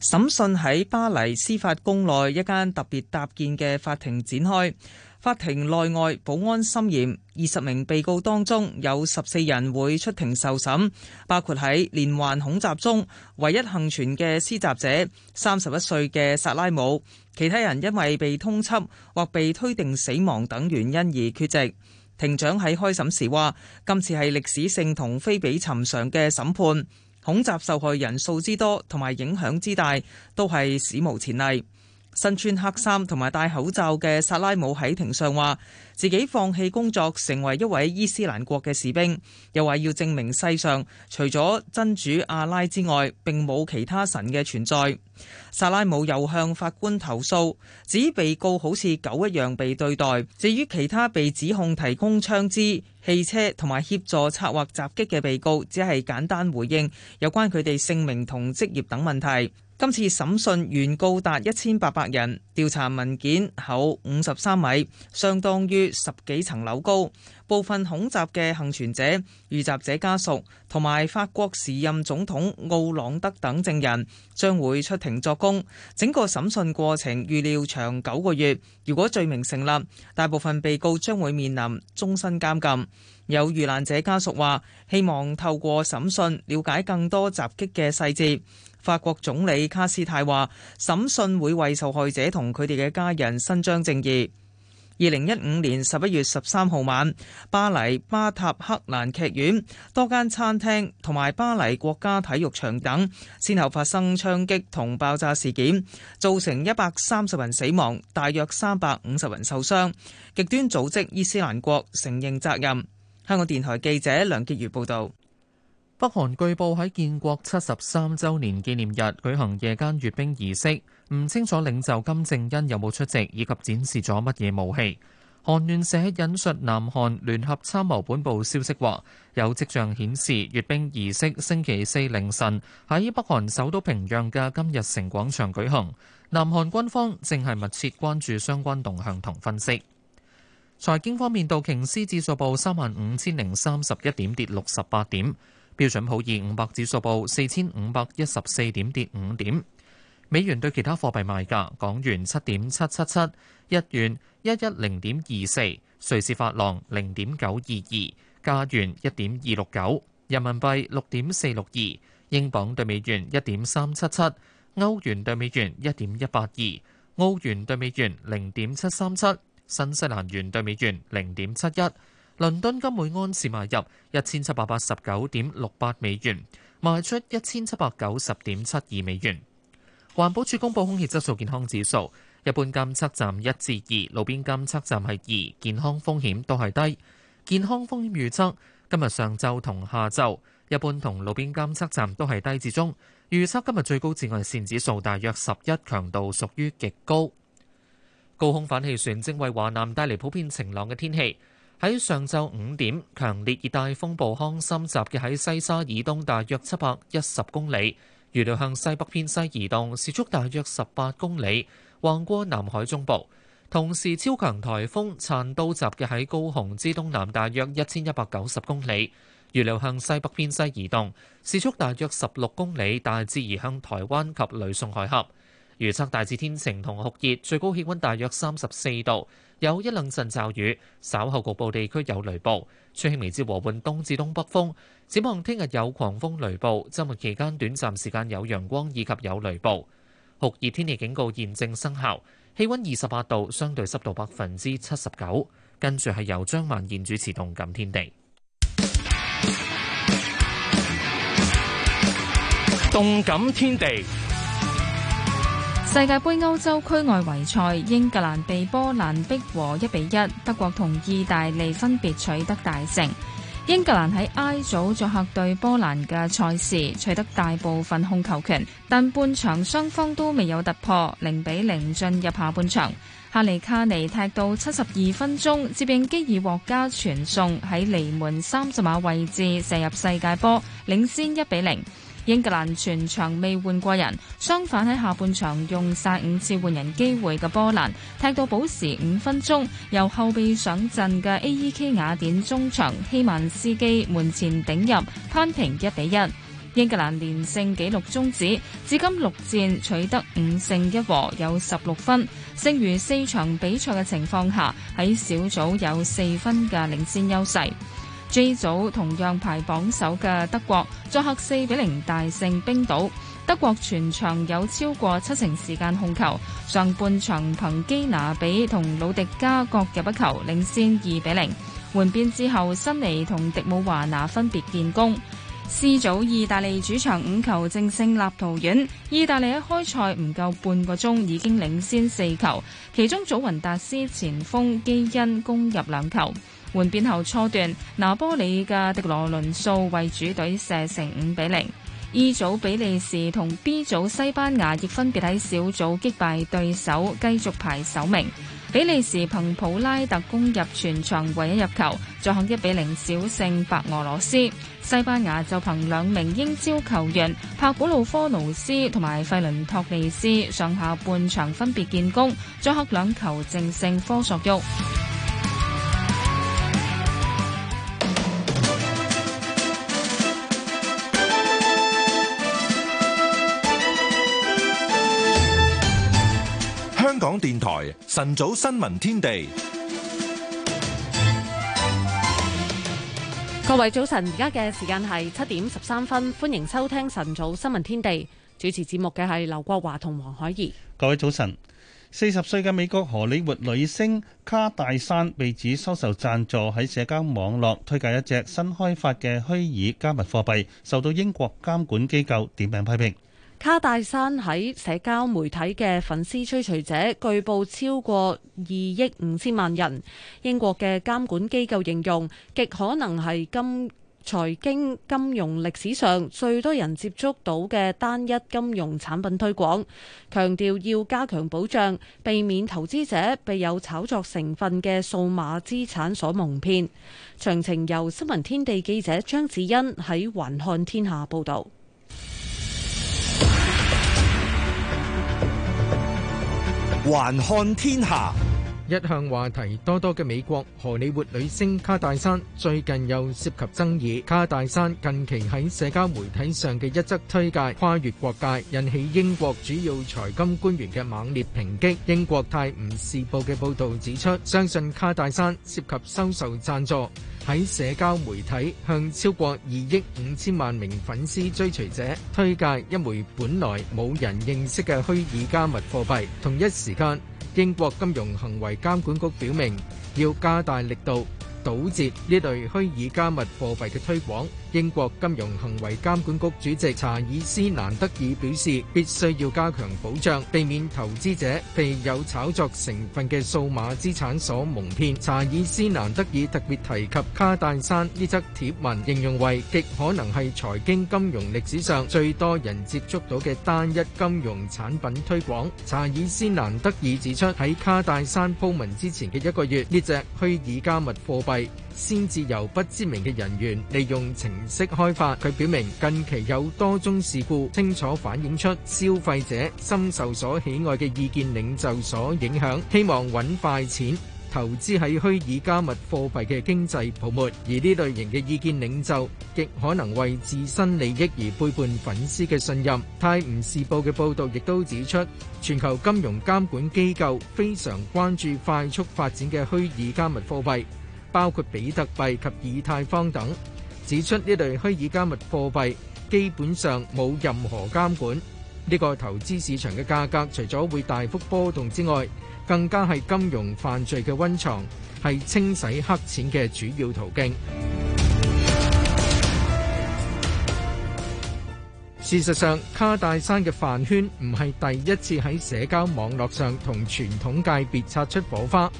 審訊喺巴黎司法宮內一間特別搭建嘅法庭展開。法庭內外保安森嚴，二十名被告當中有十四人會出庭受審，包括喺連環恐襲中唯一幸存嘅施襲者三十一歲嘅薩拉姆。其他人因為被通緝或被推定死亡等原因而缺席。庭長喺開審時話：今次係歷史性同非比尋常嘅審判，恐襲受害人數之多同埋影響之大都係史無前例。身穿黑衫同埋戴口罩嘅薩拉姆喺庭上話：自己放棄工作，成為一位伊斯蘭國嘅士兵，又話要證明世上除咗真主阿拉之外並冇其他神嘅存在。薩拉姆又向法官投訴，指被告好似狗一樣被對待。至於其他被指控提供槍支、汽車同埋協助策劃襲擊嘅被告，只係簡單回應有關佢哋姓名同職業等問題。今次審訊原告高達一千八百人，調查文件厚五十三米，相當於十幾層樓高。部分恐襲嘅幸存者、遇襲者家屬同埋法國時任總統奧朗德等證人將會出庭作供。整個審訊過程預料長九個月。如果罪名成立，大部分被告將會面臨終身監禁。有遇難者家屬話：希望透過審訊了解更多襲擊嘅細節。法國總理卡斯泰話：審訊會為受害者同佢哋嘅家人伸張正義。二零一五年十一月十三號晚，巴黎巴塔克蘭劇院、多間餐廳同埋巴黎國家體育場等先後發生槍擊同爆炸事件，造成一百三十人死亡，大約三百五十人受傷。極端組織伊斯蘭國承認責任。香港電台記者梁潔如報道。北韓據報喺建國七十三週年紀念日舉行夜間閱兵儀式，唔清楚領袖金正恩有冇出席，以及展示咗乜嘢武器。韓聯社引述南韓聯合參謀本部消息話，有跡象顯示閱兵儀式星期四凌晨喺北韓首都平壤嘅金日成廣場舉行。南韓軍方正係密切關注相關動向同分析。財經方面，道瓊斯指數報三萬五千零三十一點，跌六十八點。標準普爾五百指數報四千五百一十四點，跌五點。美元對其他貨幣賣價：港元七點七七七，日元一一零點二四，瑞士法郎零點九二二，加元一點二六九，人民幣六點四六二，英鎊對美元一點三七七，歐元對美元一點一八二，澳元對美元零點七三七，新西蘭元對美元零點七一。倫敦金每盎司買入一千七百八十九點六八美元，賣出一千七百九十點七二美元。環保署公布空氣質素健康指數，一般監測站一至二，路邊監測站係二，健康風險都係低。健康風險預測今日上晝同下晝，一般同路邊監測站都係低至中。預測今日最高紫外線指數大約十一，強度屬於極高。高空反氣旋正為華南帶嚟普遍晴朗嘅天氣。喺上晝五點，強烈熱帶風暴康森集嘅喺西沙以東大約七百一十公里，預料向西北偏西移動，時速大約十八公里，橫過南海中部。同時，超強颱風燦都集嘅喺高雄之東南大約一千一百九十公里，預料向西北偏西移動，時速大約十六公里，大致移向台灣及呂宋海峽。預測大致天晴同酷熱，最高氣温大約三十四度。有一兩陣驟雨，稍後局部地區有雷暴，吹輕微至和緩東至東北風。展望聽日有狂風雷暴，周末期間短暫時間有陽光以及有雷暴。酷熱天氣警告現正生效，氣溫二十八度，相對濕度百分之七十九。跟住係由張曼燕主持《動感天地》。《動感天地》世界杯歐洲區外圍賽，英格蘭被波蘭逼和一比一，德國同意大利分別取得大勝。英格蘭喺 I 組作客對波蘭嘅賽事，取得大部分控球權，但半場雙方都未有突破，零比零進入下半場。哈利卡尼踢到七十二分鐘，接應基爾獲加傳送喺離門三十碼位置射入世界波，領先一比零。英格蘭全場未換過人，相反喺下半場用晒五次換人機會嘅波蘭踢到補時五分鐘，由後備上陣嘅 A.E.K. 雅典中場希曼斯基門前頂入，扳平一比一。英格蘭連勝紀錄終止，至今六戰取得五勝一和，有十六分，剩餘四場比賽嘅情況下，喺小組有四分嘅領先優勢。J 組同樣排榜首嘅德國作客四比零大勝冰島，德國全場有超過七成時間控球，上半場憑基拿比同魯迪加各入一球，領先二比零。換邊之後，辛尼同迪姆華拿分別建功。C 組意大利主場五球正勝立陶宛，意大利喺開賽唔夠半個鐘已經領先四球，其中祖雲達斯前鋒基恩攻入兩球。換邊後初段，拿波里嘅迪羅倫素為主隊射成五比零。E 組比利時同 B 組西班牙亦分別喺小組擊敗對手，繼續排首名。比利時憑普拉特攻入全場唯一入球，作客一比零小勝白俄羅斯。西班牙就憑兩名英超球員帕古魯科奴斯同埋費倫托利斯上下半場分別建功，作客兩球淨勝科索沃。電台晨早新聞天地，各位早晨，而家嘅時間係七點十三分，歡迎收聽晨早新聞天地。主持節目嘅係劉國華同黃海怡。各位早晨，四十歲嘅美國荷里活女星卡戴珊被指收受贊助，喺社交網絡推介一隻新開發嘅虛擬加密貨幣，受到英國監管機構點名批評。卡戴珊喺社交媒體嘅粉絲追隨者據報超過二億五千萬人。英國嘅監管機構形容極可能係金財經金融歷史上最多人接觸到嘅單一金融產品推廣，強調要加強保障，避免投資者被有炒作成分嘅數碼資產所蒙騙。詳情由新聞天地記者張子欣喺環看天下報導。還看天下。一向話題多多嘅美國荷里活女星卡戴珊最近又涉及爭議。卡戴珊近期喺社交媒體上嘅一則推介跨越國界，引起英國主要財金官員嘅猛烈抨擊。英國泰晤士報嘅報導指出，相信卡戴珊涉及收受贊助，喺社交媒體向超過二億五千萬名粉絲追隨者推介一枚本來冇人認識嘅虛擬加密貨幣。同一時間，英國金融行為監管局表明，要加大力度堵截呢類虛擬加密貨幣嘅推廣。英國金融行為監管局主席查爾斯·蘭德爾表示，必須要加強保障，避免投資者被有炒作成分嘅數碼資產所蒙騙。查爾斯·蘭德爾特別提及卡戴珊，呢則貼文，形容為極可能係財經金融歷史上最多人接觸到嘅單一金融產品推廣。查爾斯·蘭德爾指出，喺卡戴珊鋪文之前嘅一個月，呢隻虛擬加密貨幣。先至由不知名嘅人員利用程式開發。佢表明近期有多宗事故，清楚反映出消費者深受所喜愛嘅意見領袖所影響。希望搵快錢投資喺虛擬加密貨幣嘅經濟泡沫，而呢類型嘅意見領袖極可能為自身利益而背叛粉絲嘅信任。泰晤士報嘅報導亦都指出，全球金融監管機構非常關注快速發展嘅虛擬加密貨幣。包括比特幣及以太坊等，指出呢類虛擬加密貨幣基本上冇任何監管，呢個投資市場嘅價格除咗會大幅波動之外，更加係金融犯罪嘅溫床，係清洗黑錢嘅主要途徑。事實上，卡戴珊嘅飯圈唔係第一次喺社交網絡上同傳統界別擦出火花，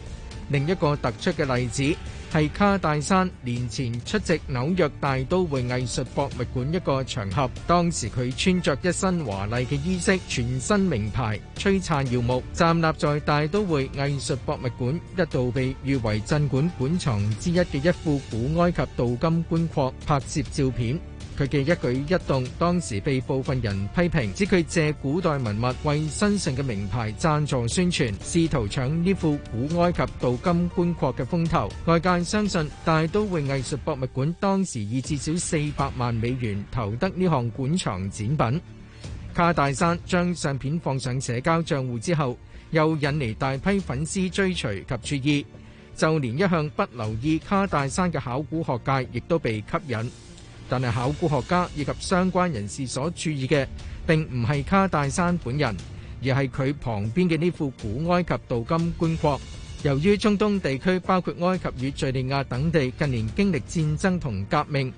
另一個突出嘅例子。係卡戴珊年前出席紐約大都會藝術博物館一個場合，當時，佢穿着一身華麗嘅衣飾，全身名牌，璀璨耀目，站立在大都會藝術博物館一度被譽為鎮館館藏之一嘅一副古埃及鍍金棺槨拍攝照片。佢嘅一舉一動，當時被部分人批評，指佢借古代文物為新晉嘅名牌贊助宣傳，試圖搶呢副古埃及鍍金棺槨嘅風頭。外界相信大都會藝術博物館當時以至少四百萬美元投得呢項館藏展品。卡戴珊將相片放上社交賬戶之後，又引嚟大批粉絲追隨及注意，就連一向不留意卡戴珊嘅考古學界亦都被吸引。但係考古學家以及相關人士所注意嘅，並唔係卡戴珊本人，而係佢旁邊嘅呢副古埃及鍍金棺槨。由於中東地區包括埃及與敍利亞等地近年經歷戰爭同革命，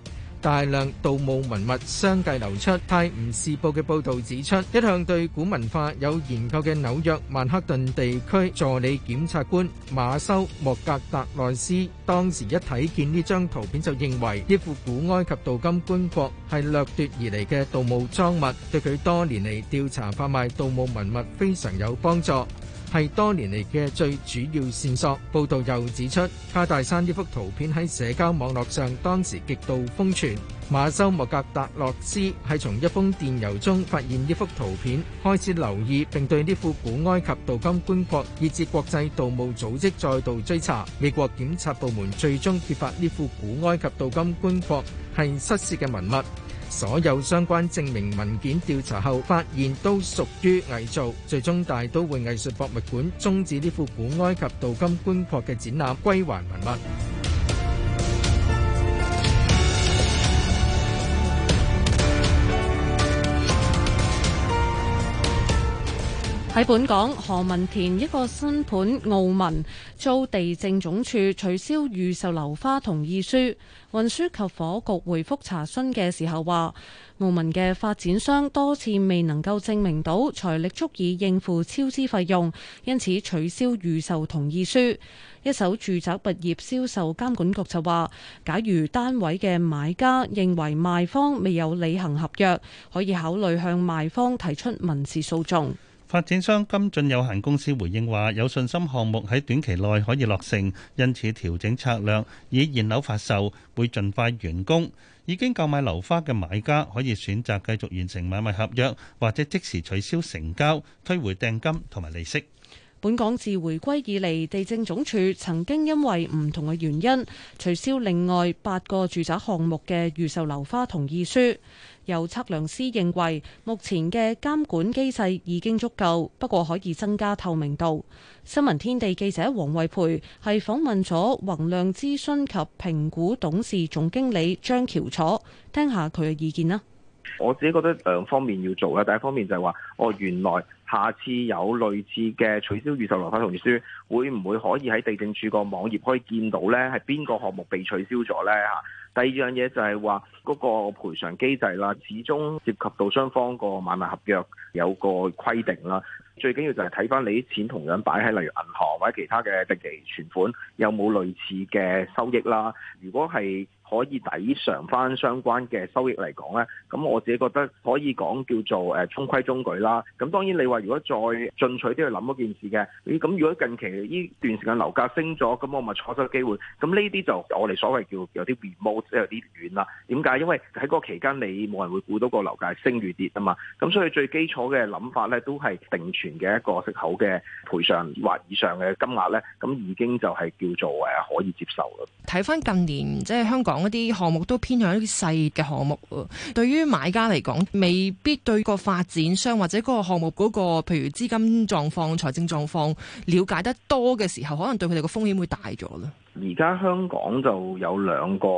大量盜墓文物相繼流出。《泰晤士報》嘅報道指出，一向對古文化有研究嘅紐約曼克頓地區助理檢察官馬修莫格達內斯，當時一睇見呢張圖片就認為呢副古埃及鍍金棺槨係掠奪而嚟嘅盜墓贓物，對佢多年嚟調查販賣盜墓文物非常有幫助。係多年嚟嘅最主要線索。報道又指出，卡戴珊呢幅圖片喺社交網絡上當時極度瘋傳。馬修莫格達洛斯係從一封電郵中發現呢幅圖片，開始留意並對呢幅古埃及鍍金棺槨以至國際盜墓組織再度追查。美國檢察部門最終揭發呢幅古埃及鍍金棺槨係失竊嘅文物。所有相關證明文件調查後，發現都屬於偽造，最終大都會藝術博物館終止呢副古埃及鍍金棺槨嘅展覽，歸還文物。喺本港，何文田一個新盤澳文遭地政總署取消預售樓花同意書。運輸及火局回覆查詢嘅時候話，澳文嘅發展商多次未能夠證明到財力足以應付超支費用，因此取消預售同意書。一手住宅物業銷售監管局就話，假如單位嘅買家認為賣方未有履行合約，可以考慮向賣方提出民事訴訟。發展商金進有限公司回應話：有信心項目喺短期內可以落成，因此調整策略，以現樓發售，會盡快完工。已經購買樓花嘅買家可以選擇繼續完成買賣合約，或者即時取消成交，退回訂金同埋利息。本港自回歸以嚟，地政總署曾經因為唔同嘅原因，取消另外八個住宅項目嘅預售樓花同意書。有測量師認為，目前嘅監管機制已經足夠，不過可以增加透明度。新聞天地記者黃慧培係訪問咗宏亮諮詢及評估董事總經理張喬楚，聽下佢嘅意見啦。我自己覺得兩方面要做嘅，第一方面就係、是、話，哦，原來下次有類似嘅取消預售樓花同意書，會唔會可以喺地政署個網頁可以見到呢？係邊個項目被取消咗呢？嚇！第二樣嘢就係話嗰個賠償機制啦，始終涉及到雙方個買賣合約有個規定啦。最緊要就係睇返你啲錢同樣擺喺例如銀行或者其他嘅定期存款，有冇類似嘅收益啦？如果係可以抵償翻相關嘅收益嚟講咧，咁我自己覺得可以講叫做誒中規中矩啦。咁當然你話如果再進取啲去諗一件事嘅，咁如果近期呢段時間樓價升咗，咁我咪錯失機會。咁呢啲就我哋所謂叫有啲 remote，即係有啲遠啦。點解？因為喺個期間你冇人會估到個樓價升與跌啊嘛。咁所以最基礎嘅諗法咧，都係定存嘅一個息口嘅賠償或以上嘅金額咧，咁已經就係叫做誒可以接受嘅。睇翻近年即係香港。一啲項目都偏向一啲細嘅項目喎，對於買家嚟講，未必對個發展商或者嗰個項目嗰個，譬如資金狀況、財政狀況了解得多嘅時候，可能對佢哋個風險會大咗咯。而家香港就有兩個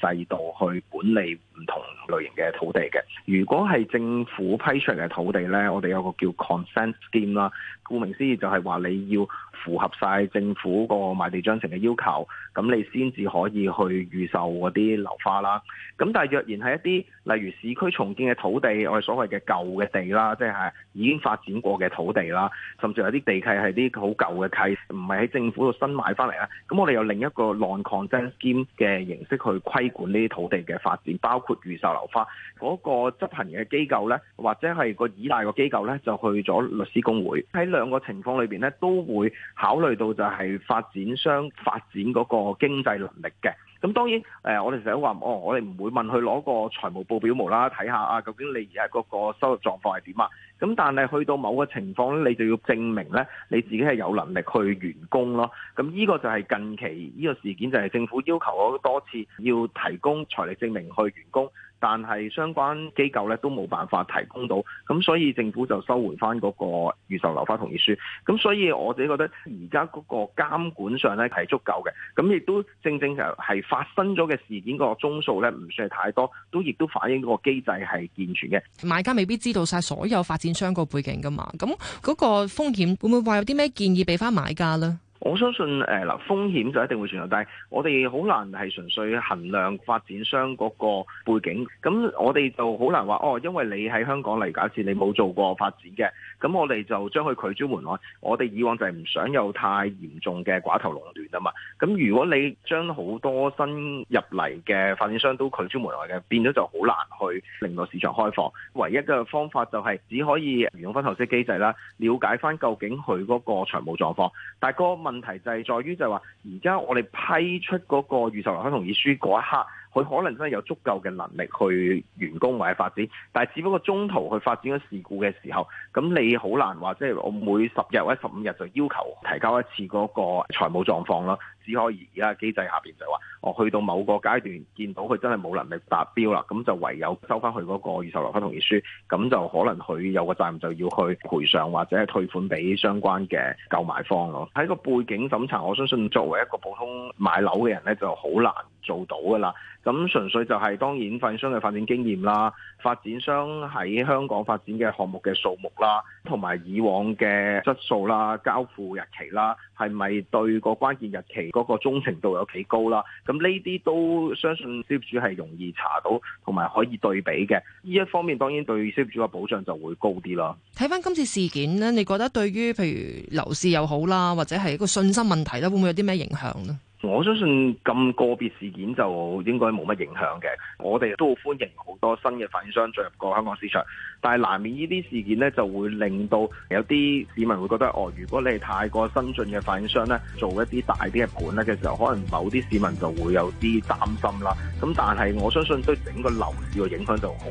制度去管理。唔同類型嘅土地嘅，如果係政府批出嚟嘅土地呢，我哋有個叫 consent scheme 啦，顧名思義就係話你要符合晒政府個賣地章程嘅要求，咁你先至可以去預售嗰啲樓花啦。咁但係若然係一啲例如市區重建嘅土地，我哋所謂嘅舊嘅地啦，即係已經發展過嘅土地啦，甚至有啲地契係啲好舊嘅契，唔係喺政府度新買翻嚟啦，咁我哋有另一個 Non-Consent Scheme 嘅形式去規管呢啲土地嘅發展，包。個預售樓花嗰個執行嘅機構咧，或者係個依賴個機構咧，就去咗律師公會。喺兩個情況裏邊咧，都會考慮到就係發展商發展嗰個經濟能力嘅。咁當然，誒我哋成日都話、哦，我哋唔會問佢攞個財務報表模啦，睇下啊，究竟你而家嗰個收入狀況係點啊？咁但係去到某個情況咧，你就要證明咧，你自己係有能力去完工咯。咁呢個就係近期呢、這個事件，就係政府要求好多次要提供財力證明去完工。但係相關機構咧都冇辦法提供到，咁所以政府就收回翻嗰個預售樓花同意書。咁所以我自己覺得而家嗰個監管上咧係足夠嘅，咁亦都正正其實係發生咗嘅事件個宗數咧唔算係太多，都亦都反映個機制係健全嘅。買家未必知道晒所有發展商個背景噶嘛，咁嗰個風險會唔會話有啲咩建議俾翻買家咧？我相信誒嗱、哎，風險就一定會存在，但係我哋好難係純粹衡量發展商嗰個背景，咁我哋就好難話哦，因為你喺香港嚟假設，你冇做過發展嘅，咁我哋就將佢拒諸門外。我哋以往就係唔想有太嚴重嘅寡頭壟斷啊嘛，咁如果你將好多新入嚟嘅發展商都拒諸門外嘅，變咗就好難去令到市場開放。唯一嘅方法就係只可以用翻投資機制啦，了解翻究竟佢嗰個財務狀況。大哥。問題就係在於，就係話而家我哋批出嗰個預售樓花同意書嗰一刻，佢可能真係有足夠嘅能力去完工或者發展，但係只不過中途去發展咗事故嘅時候，咁你好難話即係我每十日或者十五日就要求提交一次嗰個財務狀況咯。只可以而家機制下邊就話，我、哦、去到某個階段，見到佢真係冇能力達標啦，咁就唯有收翻去嗰個預售樓花同意書，咁就可能佢有個責任就要去賠償或者退款俾相關嘅購買方咯。喺個背景審查，我相信作為一個普通買樓嘅人咧，就好難做到噶啦。咁純粹就係當然發展商嘅發展經驗啦，發展商喺香港發展嘅項目嘅數目啦，同埋以往嘅質素啦、交付日期啦，係咪對個關鍵日期？嗰個忠誠度有幾高啦？咁呢啲都相信業主係容易查到，同埋可以對比嘅。呢一方面當然對業主嘅保障就會高啲啦。睇翻今次事件咧，你覺得對於譬如樓市又好啦，或者係一個信心問題咧，會唔會有啲咩影響咧？我相信咁個別事件就應該冇乜影響嘅。我哋都歡迎好多新嘅發展商進入過香港市場。但係難免呢啲事件咧就會令到有啲市民會覺得哦，如果你太過新進嘅發展商咧，做一啲大啲嘅盤咧嘅時候，可能某啲市民就會有啲擔心啦。咁但係我相信對整個樓市嘅影響就好少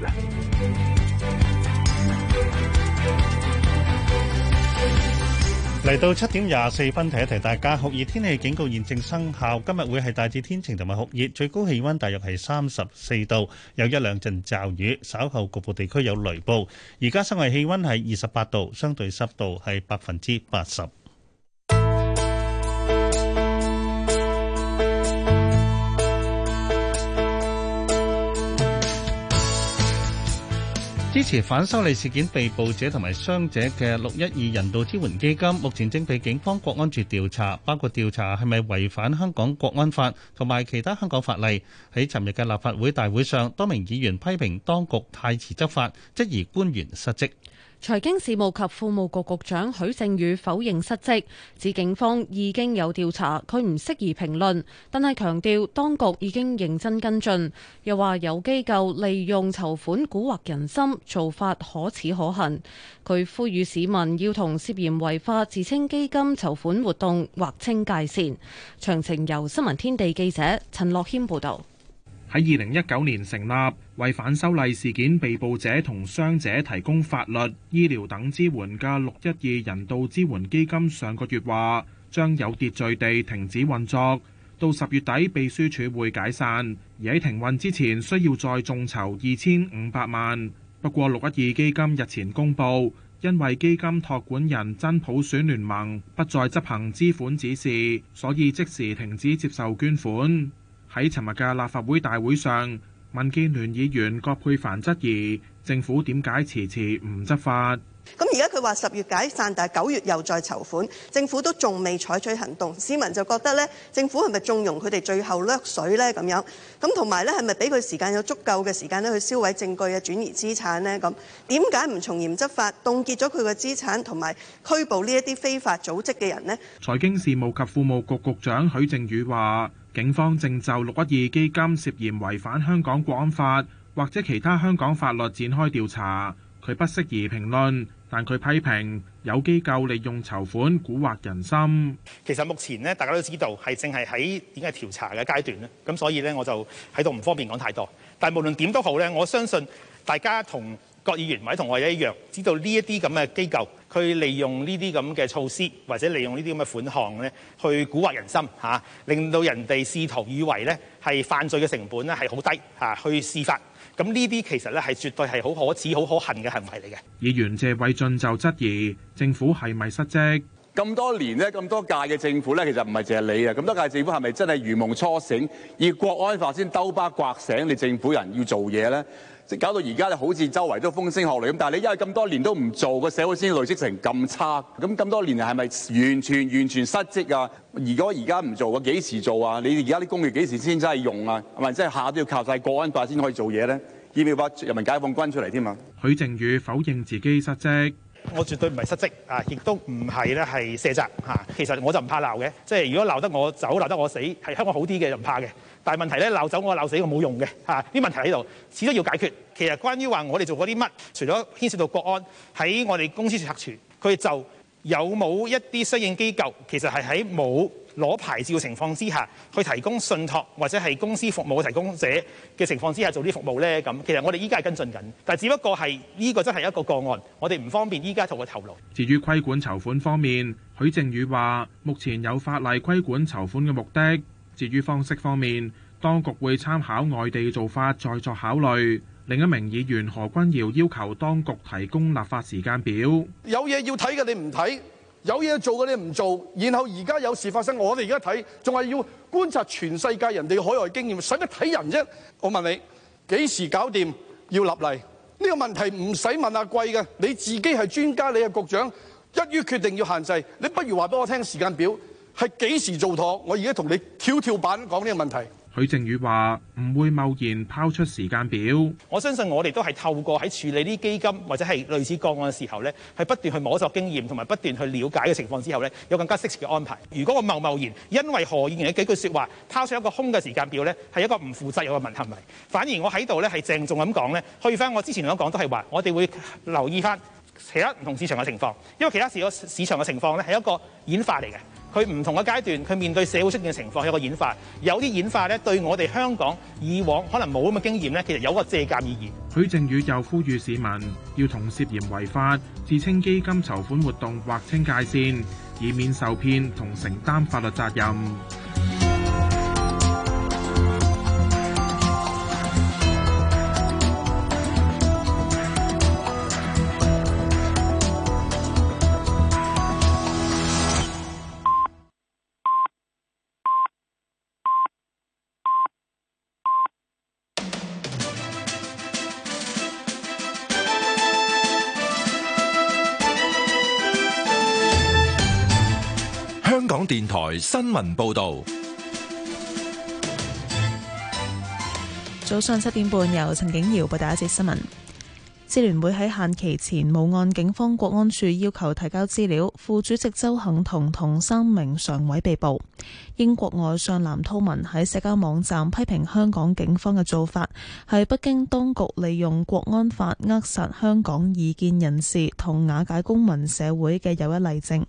嘅。 嚟到七點廿四分，提一提大家酷熱天氣警告現正生效。今日會係大致天晴同埋酷熱，最高氣溫大約係三十四度，有一兩陣驟雨，稍後局部地區有雷暴。而家室外氣溫係二十八度，相對濕度係百分之八十。支持反修例事件被捕者同埋傷者嘅六一二人道支援基金，目前正被警方國安處調查，包括調查係咪違反香港國安法同埋其他香港法例。喺尋日嘅立法會大會上，多名議員批評當局太遲執法，質疑官員失職。財經事務及庫務局局長許正宇否認失職，指警方已經有調查，佢唔適宜評論，但係強調當局已經認真跟進。又話有機構利用籌款蠱惑人心，做法可恥可恨。佢呼籲市民要同涉嫌違法自稱基金籌款活動劃清界線。詳情由新聞天地記者陳樂謙報道。喺二零一九年成立，為反修例事件被捕者同傷者提供法律、醫療等支援嘅六一二人道支援基金，上個月話將有秩序地停止運作，到十月底秘書處會解散。而喺停運之前，需要再眾籌二千五百萬。不過，六一二基金日前公布，因為基金託管人真普選聯盟不再執行支款指示，所以即時停止接受捐款。喺尋日嘅立法會大會上，民建聯議員葛珮帆質疑政府點解遲遲唔執法？咁而家佢話十月解散，但係九月又再籌款，政府都仲未採取行動，市民就覺得咧，政府係咪縱容佢哋最後掠水呢？咁樣咁，同埋呢係咪俾佢時間，有足夠嘅時間咧去銷毀證據啊、轉移資產呢？咁點解唔從嚴執法、凍結咗佢嘅資產同埋拘捕呢一啲非法組織嘅人呢？財經事務及庫務局局長許正宇話。警方正就六一二基金涉嫌違反香港國安法或者其他香港法律展開調查，佢不適宜評論，但佢批評有機構利用籌款蠱惑人心。其實目前呢，大家都知道係正係喺點解調查嘅階段呢，咁所以呢，我就喺度唔方便講太多。但無論點都好咧，我相信大家同。各議員或者同我一樣，知道呢一啲咁嘅機構，佢利用呢啲咁嘅措施，或者利用呢啲咁嘅款項咧，去蠱惑人心嚇、啊，令到人哋試圖以為咧係犯罪嘅成本咧係好低嚇、啊，去試法。咁呢啲其實咧係絕對係好可恥、好可恨嘅行為嚟嘅。議員謝偉俊就質疑政府係咪失職？咁多年咧，咁多屆嘅政府咧，其實唔係淨係你啊！咁多屆政府係咪真係如夢初醒，而國安法先兜巴刮醒你政府人要做嘢咧？即搞到而家就好似周圍都風聲洶洶咁，但係你因為咁多年都唔做，個社會先累積成咁差，咁咁多年係咪完全完全失職啊？如果而家唔做，個幾時做啊？你哋而家啲工具幾時先真係用啊？係咪即係下都要靠晒國安法先可以做嘢咧？要唔要人民解放軍出嚟添啊？許正宇否認自己失職，我絕對唔係失職啊，亦都唔係咧係卸責嚇。其實我就唔怕鬧嘅，即係如果鬧得我走、鬧得我死，係香港好啲嘅，就唔怕嘅。但係問題咧，鬧走我鬧死我冇用嘅，嚇啲問題喺度，始終要解決。其實關於話我哋做過啲乜，除咗牽涉到國安喺我哋公司拆除，佢就有冇一啲相應機構其實係喺冇攞牌照嘅情況之下，去提供信託或者係公司服務提供者嘅情況之下做啲服務咧？咁其實我哋依家係跟進緊，但係只不過係呢、呢個真係一個個案，我哋唔方便依家做個透露。至於規管籌款方面，許正宇話：目前有法例規管籌款嘅目，目的。至於方式方面，當局會參考外地做法再作考慮。另一名議員何君堯要求當局提供立法時間表。有嘢要睇嘅，你唔睇，有嘢做嘅，你唔做，然後而家有事發生，我哋而家睇，仲係要觀察全世界人哋嘅海外經驗，使乜睇人啫？我問你，幾時搞掂要立例呢個問題？唔使問阿貴嘅，你自己係專家，你係局長，一於決定要限制，你不如話俾我聽時間表。係幾時做妥？我而家同你跳跳板講呢個問題。許正宇話唔會貿然拋出時間表。我相信我哋都係透過喺處理啲基金或者係類似個案嘅時候咧，係不斷去摸索經驗，同埋不斷去了解嘅情況之後咧，有更加適切嘅安排。如果我貿貿然因為何議員嘅幾句説話拋出一個空嘅時間表咧，係一個唔負責任嘅問題。反而我喺度咧，係鄭重咁講咧，去翻我之前同你講都係話，我哋會留意翻其他唔同市場嘅情況，因為其他市個市場嘅情況咧係一個演化嚟嘅。佢唔同嘅階段，佢面對社會出現嘅情況有個演化，有啲演化咧對我哋香港以往可能冇咁嘅經驗咧，其實有個借鑑意義。許正宇又呼籲市民要同涉嫌違法、自稱基金籌款活動劃清界線，以免受騙同承擔法律責任。電台新聞報道：早上七點半，由陳景瑤報第一節新聞。支聯會喺限期前冇按警方國安處要求提交資料，副主席鄒幸彤同三名常委被捕。英國外相藍韜文喺社交網站批評香港警方嘅做法，係北京當局利用國安法扼殺香港意見人士同瓦解公民社會嘅又一例證。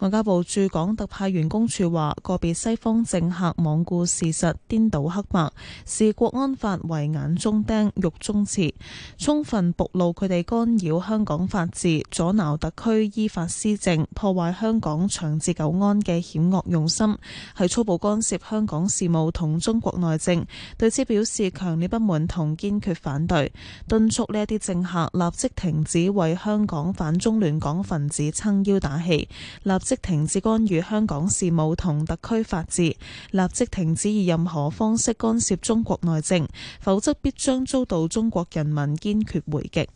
外交部駐港特派員公署話個別西方政客罔顧事實，顛倒黑白，視國安法為眼中釘肉中刺，充分暴露佢哋干擾香港法治、阻撓特區依法施政、破壞香港長治久安嘅險惡用心，係粗暴干涉香港事務同中國內政。對此表示強烈不滿同堅決反對，敦促呢一啲政客立即停止為香港反中亂港分子撐腰打氣立即停止干預香港事務同特區法治，立即停止以任何方式干涉中國內政，否則必將遭到中國人民堅決回擊。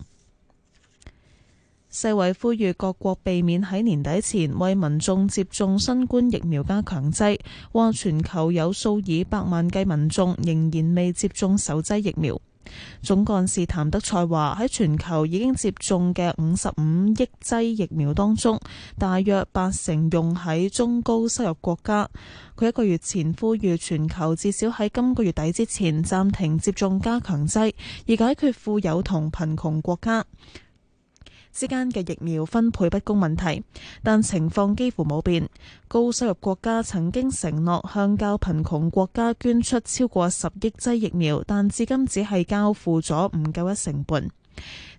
世衛呼籲各國避免喺年底前為民眾接種新冠疫苗加強劑，話全球有數以百萬計民眾仍然未接種首劑疫苗。總幹事譚德賽話，喺全球已經接種嘅五十五億劑疫苗當中，大約八成用喺中高收入國家。佢一個月前呼籲全球至少喺今個月底之前暫停接種加強劑，而解決富有同貧窮國家。之間嘅疫苗分配不公問題，但情況幾乎冇變。高收入國家曾經承諾向較貧窮國家捐出超過十億劑疫苗，但至今只係交付咗唔夠一成半。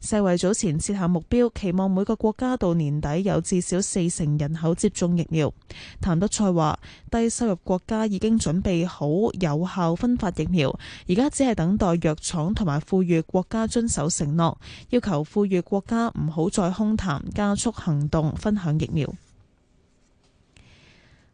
世衛早前設下目標，期望每個國家到年底有至少四成人口接種疫苗。譚德賽話：低收入國家已經準備好有效分發疫苗，而家只係等待藥廠同埋富裕國家遵守承諾，要求富裕國家唔好再空談，加速行動分享疫苗。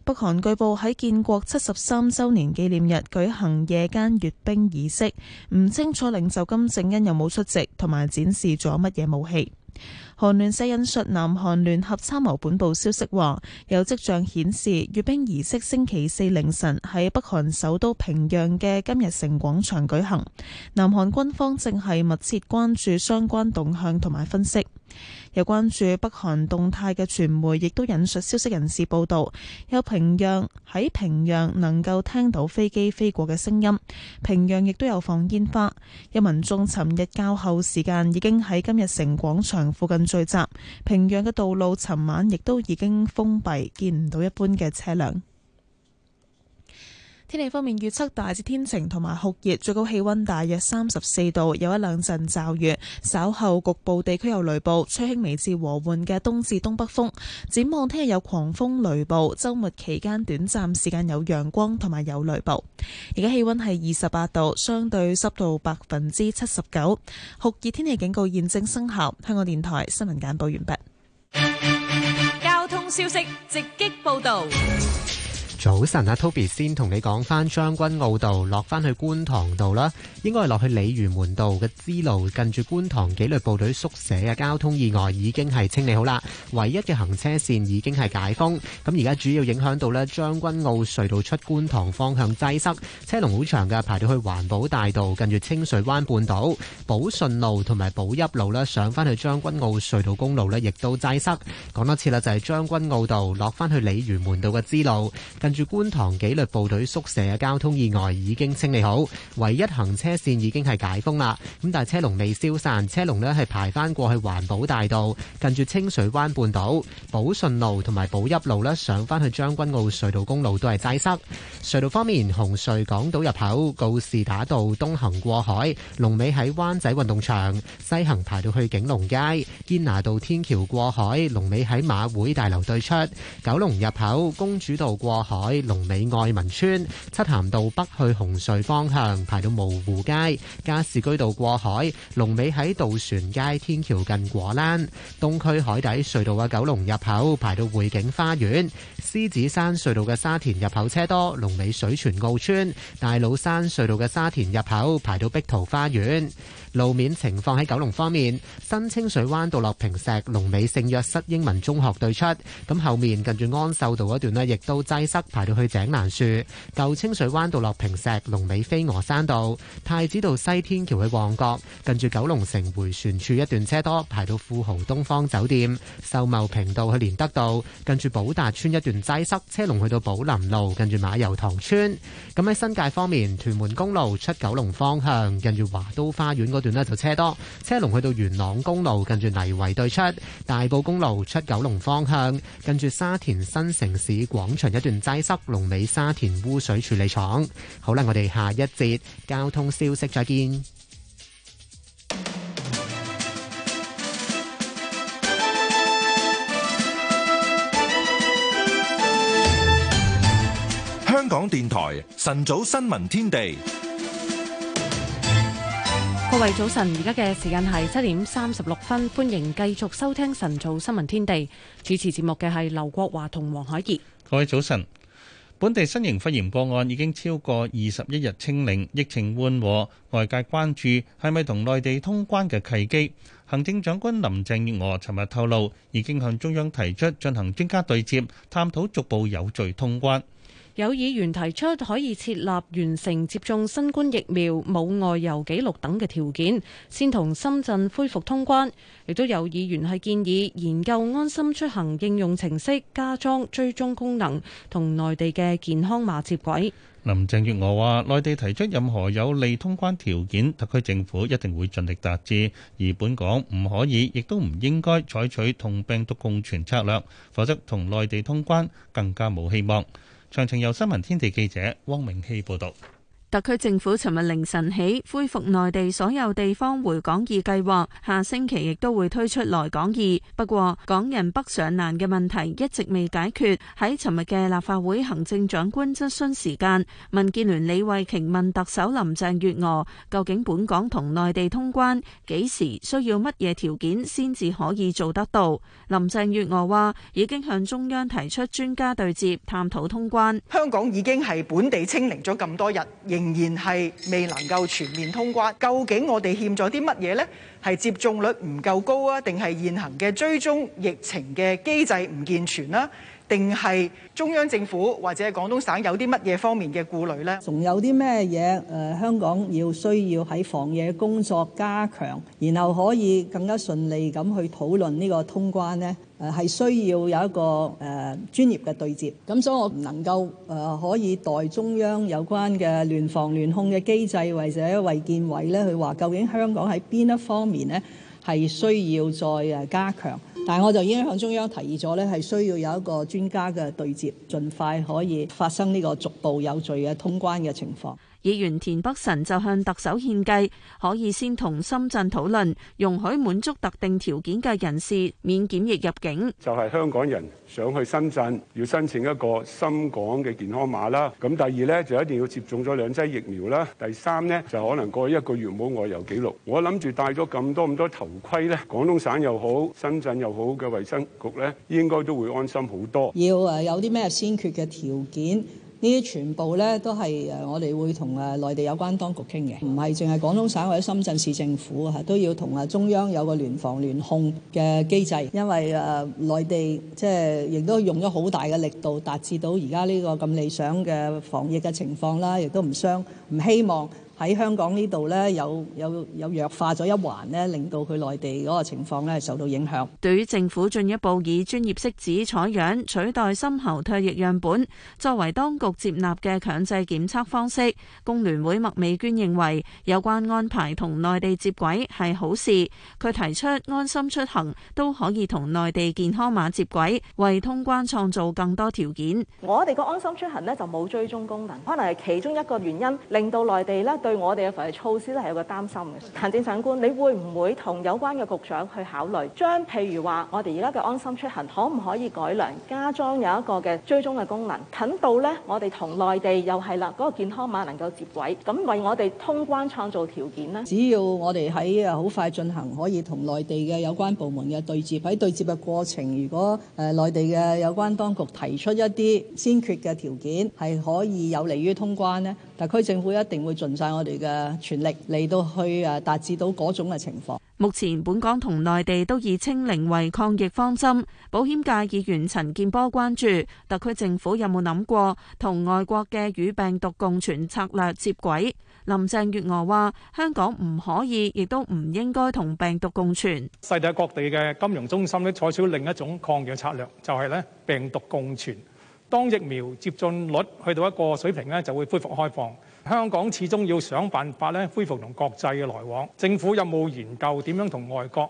北韓據報喺建國七十三週年紀念日舉行夜間閱兵儀式，唔清楚領袖金正恩有冇出席同埋展示咗乜嘢武器。韓聯社引述南韓聯合參謀本部消息話，有跡象顯示閱兵儀式星期四凌晨喺北韓首都平壤嘅金日成廣場舉行，南韓軍方正係密切關注相關動向同埋分析。有關注北韓動態嘅傳媒，亦都引述消息人士報道，有平壤喺平壤能夠聽到飛機飛過嘅聲音。平壤亦都有放煙花，有民眾尋日較後時間已經喺金日成廣場附近聚集。平壤嘅道路尋晚亦都已經封閉，見唔到一般嘅車輛。天氣方面預測大致天晴同埋酷熱，最高氣溫大約三十四度，有一兩陣驟雨，稍後局部地區有雷暴，吹輕微至和緩嘅東至東北風。展望聽日有狂風雷暴，周末期間短暫時間有陽光同埋有雷暴。而家氣温係二十八度，相對濕度百分之七十九，酷熱天氣警告現正生效。香港電台新聞簡報完畢。交通消息直擊報道。早晨啊，Toby 先同你講翻將軍澳道落翻去觀塘道啦，應該係落去鯉魚門道嘅支路，近住觀塘紀律部隊宿舍嘅交通意外已經係清理好啦，唯一嘅行車線已經係解封。咁而家主要影響到咧將軍澳隧道出觀塘方向擠塞，車龍好長嘅，排到去環保大道，近住清水灣半島、寶順路同埋寶邑路咧，上翻去將軍澳隧道公路咧，亦都擠塞。講多次啦，就係、是、將軍澳道落翻去鯉魚門道嘅支路。住觀塘紀律部隊宿舍嘅交通意外已經清理好，唯一行車線已經係解封啦。咁但係車龍未消散，車龍呢係排翻過去環保大道，近住清水灣半島、寶順路同埋寶邑路呢，上翻去將軍澳隧道公路都係擠塞。隧道方面，紅隧港島入口告士打道東行過海，龍尾喺灣仔運動場；西行排到去景隆街堅拿道天橋過海，龍尾喺馬會大樓對出；九龍入口公主道過海。海龍尾愛民村，漆咸道北去紅隧方向排到蕪湖街，加士居道過海，龍尾喺渡船街天橋近果欄；東區海底隧道嘅九龍入口排到匯景花園，獅子山隧道嘅沙田入口車多，龍尾水泉澳村；大老山隧道嘅沙田入口排到碧桃花園。路面情況喺九龍方面，新清水灣道落坪石龍尾聖約瑟英文中學對出，咁後面近住安秀道嗰段呢，亦都擠塞排到去井欄樹；舊清水灣道落坪石龍尾飛鵝山道、太子道西天橋去旺角，近住九龍城回旋處一段車多排到富豪東方酒店、秀茂坪道去連德道，近住寶達邨一段擠塞，車龍去到寶林路近住馬油塘村。咁喺新界方面，屯門公路出九龍方向，近住華都花園嗰段呢就車多，車龍去到元朗公路，近住泥圍對出。大埔公路出九龍方向，近住沙田新城市廣場一段擠塞，龍尾沙田污水處理廠。好啦，我哋下一節交通消息再見。香港電台晨早新聞天地。各位早晨，而家嘅時間係七點三十六分，歡迎繼續收聽《晨早新聞天地》。主持節目嘅係劉國華同黃海怡。各位早晨，本地新型肺炎個案已經超過二十一日清零，疫情緩和，外界關注係咪同內地通關嘅契機。行政長官林鄭月娥尋日透露，已經向中央提出進行專家對接，探討逐步有序通關。有議員提出可以設立完成接種新冠疫苗、冇外遊記錄等嘅條件，先同深圳恢復通關。亦都有議員係建議研究安心出行應用程式加裝追蹤功能，同內地嘅健康碼接軌。林鄭月娥話：內地提出任何有利通關條件，特區政府一定會盡力達致。而本港唔可以，亦都唔應該採取同病毒共存策略，否則同內地通關更加冇希望。詳情由新聞天地記者汪明希報道。特區政府尋日凌晨起恢復內地所有地方回港易計劃，下星期亦都會推出來港易。不過，港人北上難嘅問題一直未解決。喺尋日嘅立法會行政長官質詢時間，民建聯李慧瓊問特首林鄭月娥，究竟本港同內地通關幾時需要乜嘢條件先至可以做得到？林鄭月娥話已經向中央提出專家對接，探討通關。香港已經係本地清零咗咁多日，仍然係未能夠全面通關，究竟我哋欠咗啲乜嘢呢？係接種率唔夠高啊，定係現行嘅追蹤疫情嘅機制唔健全啦？定係中央政府或者廣東省有啲乜嘢方面嘅顧慮呢？仲有啲咩嘢？誒，香港要需要喺防疫工作加強，然後可以更加順利咁去討論呢個通關呢？誒係需要有一個誒、呃、專業嘅對接，咁所以我唔能夠誒、呃、可以代中央有關嘅聯防聯控嘅機制或者衞健委咧去話究竟香港喺邊一方面咧係需要再誒加強，但係我就已經向中央提議咗咧係需要有一個專家嘅對接，盡快可以發生呢個逐步有序嘅通關嘅情況。議員田北辰就向特首獻計，可以先同深圳討論容許滿足特定條件嘅人士免檢疫入境。就係香港人想去深圳要申請一個深港嘅健康碼啦。咁第二咧就一定要接種咗兩劑疫苗啦。第三咧就可能過一個月冇外遊記錄。我諗住戴咗咁多咁多頭盔咧，廣東省又好，深圳又好嘅衛生局咧，應該都會安心好多。要誒有啲咩先決嘅條件？呢啲全部咧都係我哋會同誒內地有關當局傾嘅，唔係淨係廣東省或者深圳市政府，都要同中央有個聯防聯控嘅機制，因為誒呃，內地即係亦都用咗好大嘅力度，達至到而家呢個咁理想嘅防疫嘅情況啦，亦都唔相唔希望。喺香港呢度咧，有有有弱化咗一環咧，令到佢內地嗰個情況咧受到影響。對於政府進一步以專業拭子採樣取代深喉唾液樣本作為當局接納嘅強制檢測方式，工聯會麥美娟認為有關安排同內地接軌係好事。佢提出安心出行都可以同內地健康碼接軌，為通關創造更多條件。我哋個安心出行咧就冇追蹤功能，可能係其中一個原因，令到內地咧。對我哋嘅防疫措施都係有個擔心嘅。行政長官，你會唔會同有關嘅局長去考慮，將譬如話我哋而家嘅安心出行，可唔可以改良加裝有一個嘅追蹤嘅功能，近到呢，我哋同內地又係啦，嗰個健康碼能夠接軌，咁為我哋通關創造條件呢，只要我哋喺啊好快進行，可以同內地嘅有關部門嘅對接。喺對接嘅過程，如果誒內地嘅有關當局提出一啲先決嘅條件，係可以有利於通關呢，特區政府一定會盡快。我哋嘅全力嚟到去誒達至到嗰種嘅情況。目前本港同內地都以清零為抗疫方針。保險界議員陳建波關注特區政府有冇諗過同外國嘅與病毒共存策略接軌。林鄭月娥話：香港唔可以，亦都唔應該同病毒共存。世界各地嘅金融中心咧，採取另一種抗疫策略，就係咧，病毒共存。當疫苗接種率去到一個水平咧，就會恢復開放。香港始終要想辦法恢復同國際嘅來往。政府有冇研究點樣同外國？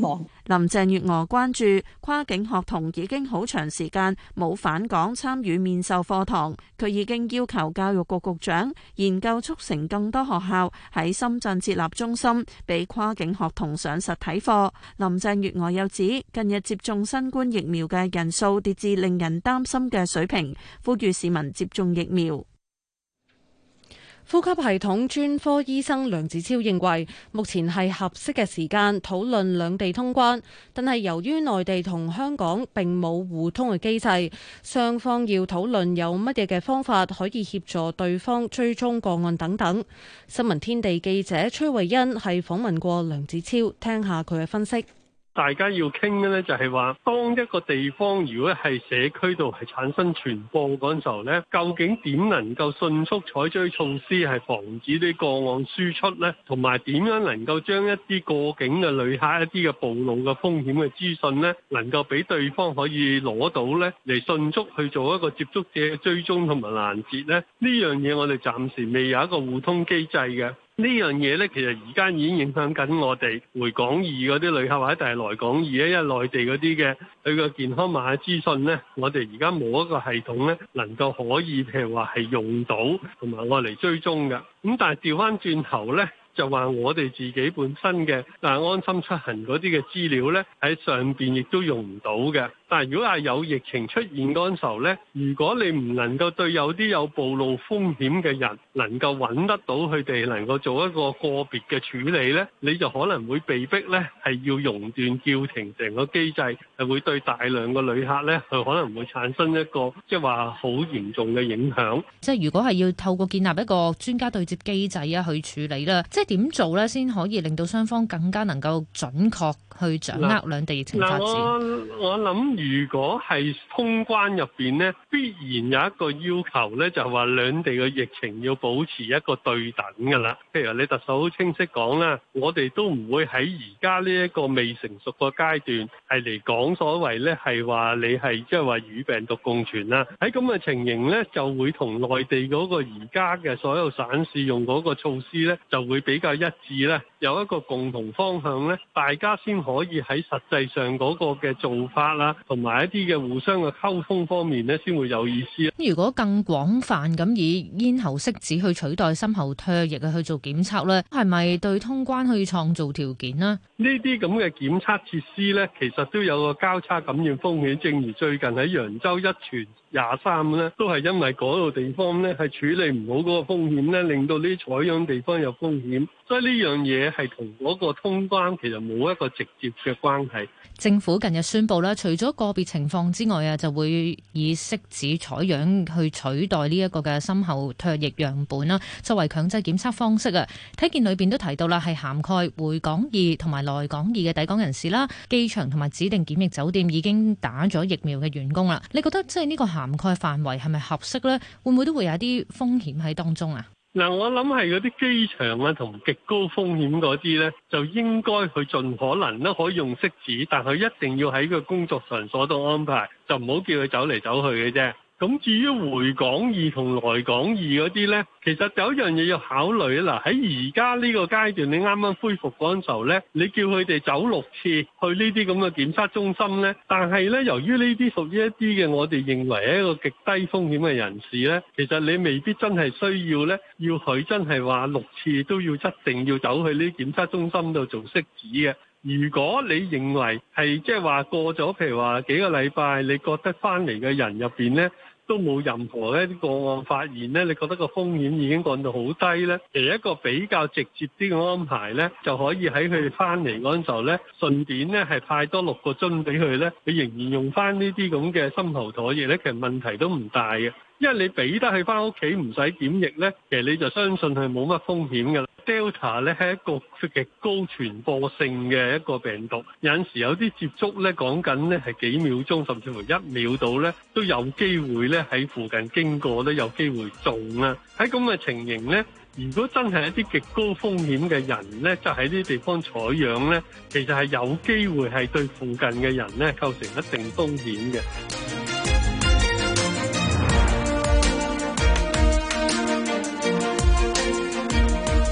林鄭月娥關注跨境學童已經好長時間冇返港參與面授課堂，佢已經要求教育局局長研究促成更多學校喺深圳設立中心，俾跨境學童上實體課。林鄭月娥又指，近日接種新冠疫苗嘅人數跌至令人擔心嘅水平，呼籲市民接種疫苗。呼吸系統專科醫生梁子超認為，目前係合適嘅時間討論兩地通關，但係由於內地同香港並冇互通嘅機制，雙方要討論有乜嘢嘅方法可以協助對方追蹤個案等等。新聞天地記者崔慧欣係訪問過梁子超，聽下佢嘅分析。大家要傾嘅咧，就係話，當一個地方如果係社區度係產生傳播嗰陣時候咧，究竟點能夠迅速採取措施係防止啲個案輸出咧？同埋點樣能夠將一啲過境嘅旅客一啲嘅暴露嘅風險嘅資訊咧，能夠俾對方可以攞到咧，嚟迅速去做一個接觸者追蹤同埋攔截咧？呢樣嘢我哋暫時未有一個互通機制嘅。樣呢樣嘢咧，其實而家已經影響緊我哋回港二嗰啲旅客，或者係來港二咧，因為內地嗰啲嘅佢個健康碼資訊咧，我哋而家冇一個系統咧能夠可以譬如話係用到，同埋愛嚟追蹤嘅。咁但係調翻轉頭咧，就話我哋自己本身嘅嗱安心出行嗰啲嘅資料咧，喺上邊亦都用唔到嘅。但係如果係有疫情出現嗰陣時候咧，如果你唔能夠對有啲有暴露風險嘅人能夠揾得到佢哋，能夠做一個個別嘅處理咧，你就可能會被逼咧係要熔斷叫停成個機制，係會對大量嘅旅客咧係可能會產生一個即係話好嚴重嘅影響。即係如果係要透過建立一個專家對接機制啊去處理啦，即係點做咧先可以令到雙方更加能夠準確去掌握兩地疫情發展？嗱我我諗。如果係通關入邊咧，必然有一個要求咧，就係話兩地嘅疫情要保持一個對等㗎啦。譬如你特首好清晰講啦，我哋都唔會喺而家呢一個未成熟個階段，係嚟講所謂咧，係話你係即係話與病毒共存啦。喺咁嘅情形咧，就會同內地嗰個而家嘅所有省市用嗰個措施咧，就會比較一致咧，有一個共同方向咧，大家先可以喺實際上嗰個嘅做法啦。同埋一啲嘅互相嘅溝通方面咧，先會有意思啊！如果更廣泛咁以咽喉拭子去取代深喉唾液啊，去做檢測咧，係咪對通關去創造條件呢？這這呢啲咁嘅檢測設施咧，其實都有個交叉感染風險。正如最近喺揚州一傳廿三咧，都係因為嗰度地方咧係處理唔到嗰個風險咧，令到啲採樣地方有風險，所以呢樣嘢係同嗰個通關其實冇一個直接嘅關係。政府近日宣布啦，除咗個別情況之外啊，就會以拭子採樣去取代呢一個嘅深喉唾液樣本啦，作為強制檢測方式啊。睇見裏邊都提到啦，係涵蓋回港易同埋來港易嘅抵港人士啦，機場同埋指定檢疫酒店已經打咗疫苗嘅員工啦。你覺得即係呢個涵蓋範圍係咪合適呢？會唔會都會有一啲風險喺當中啊？嗱，我諗係嗰啲機場啊，同極高風險嗰啲呢，就應該去盡可能咧可以用色紙，但佢一定要喺個工作場所度安排，就唔好叫佢走嚟走去嘅啫。咁至於回港二同來港易嗰啲咧，其實有一樣嘢要考慮啊！嗱，喺而家呢個階段，你啱啱恢復嗰陣時候咧，你叫佢哋走六次去呢啲咁嘅檢測中心咧，但係咧，由於呢啲屬於一啲嘅我哋認為係一個極低風險嘅人士咧，其實你未必真係需要咧，要佢真係話六次都要一定要走去呢啲檢測中心度做識紙嘅。如果你認為係即係話過咗，譬如話幾個禮拜，你覺得翻嚟嘅人入邊咧，都冇任何一啲個案發現咧，你覺得個風險已經降到好低咧。而一個比較直接啲嘅安排咧，就可以喺佢哋翻嚟嗰陣時候咧，順便咧係派多六個樽俾佢咧，你仍然用翻呢啲咁嘅深喉唾液嘢咧，其實問題都唔大嘅。因為你俾得佢翻屋企唔使檢疫呢，其實你就相信係冇乜風險㗎啦。Delta 咧係一個極高傳播性嘅一個病毒，有陣時有啲接觸呢，講緊呢係幾秒鐘，甚至乎一秒到呢，都有機會呢喺附近經過都有機會中啦。喺咁嘅情形呢，如果真係一啲極高風險嘅人呢，就喺啲地方採樣呢，其實係有機會係對附近嘅人呢構成一定風險嘅。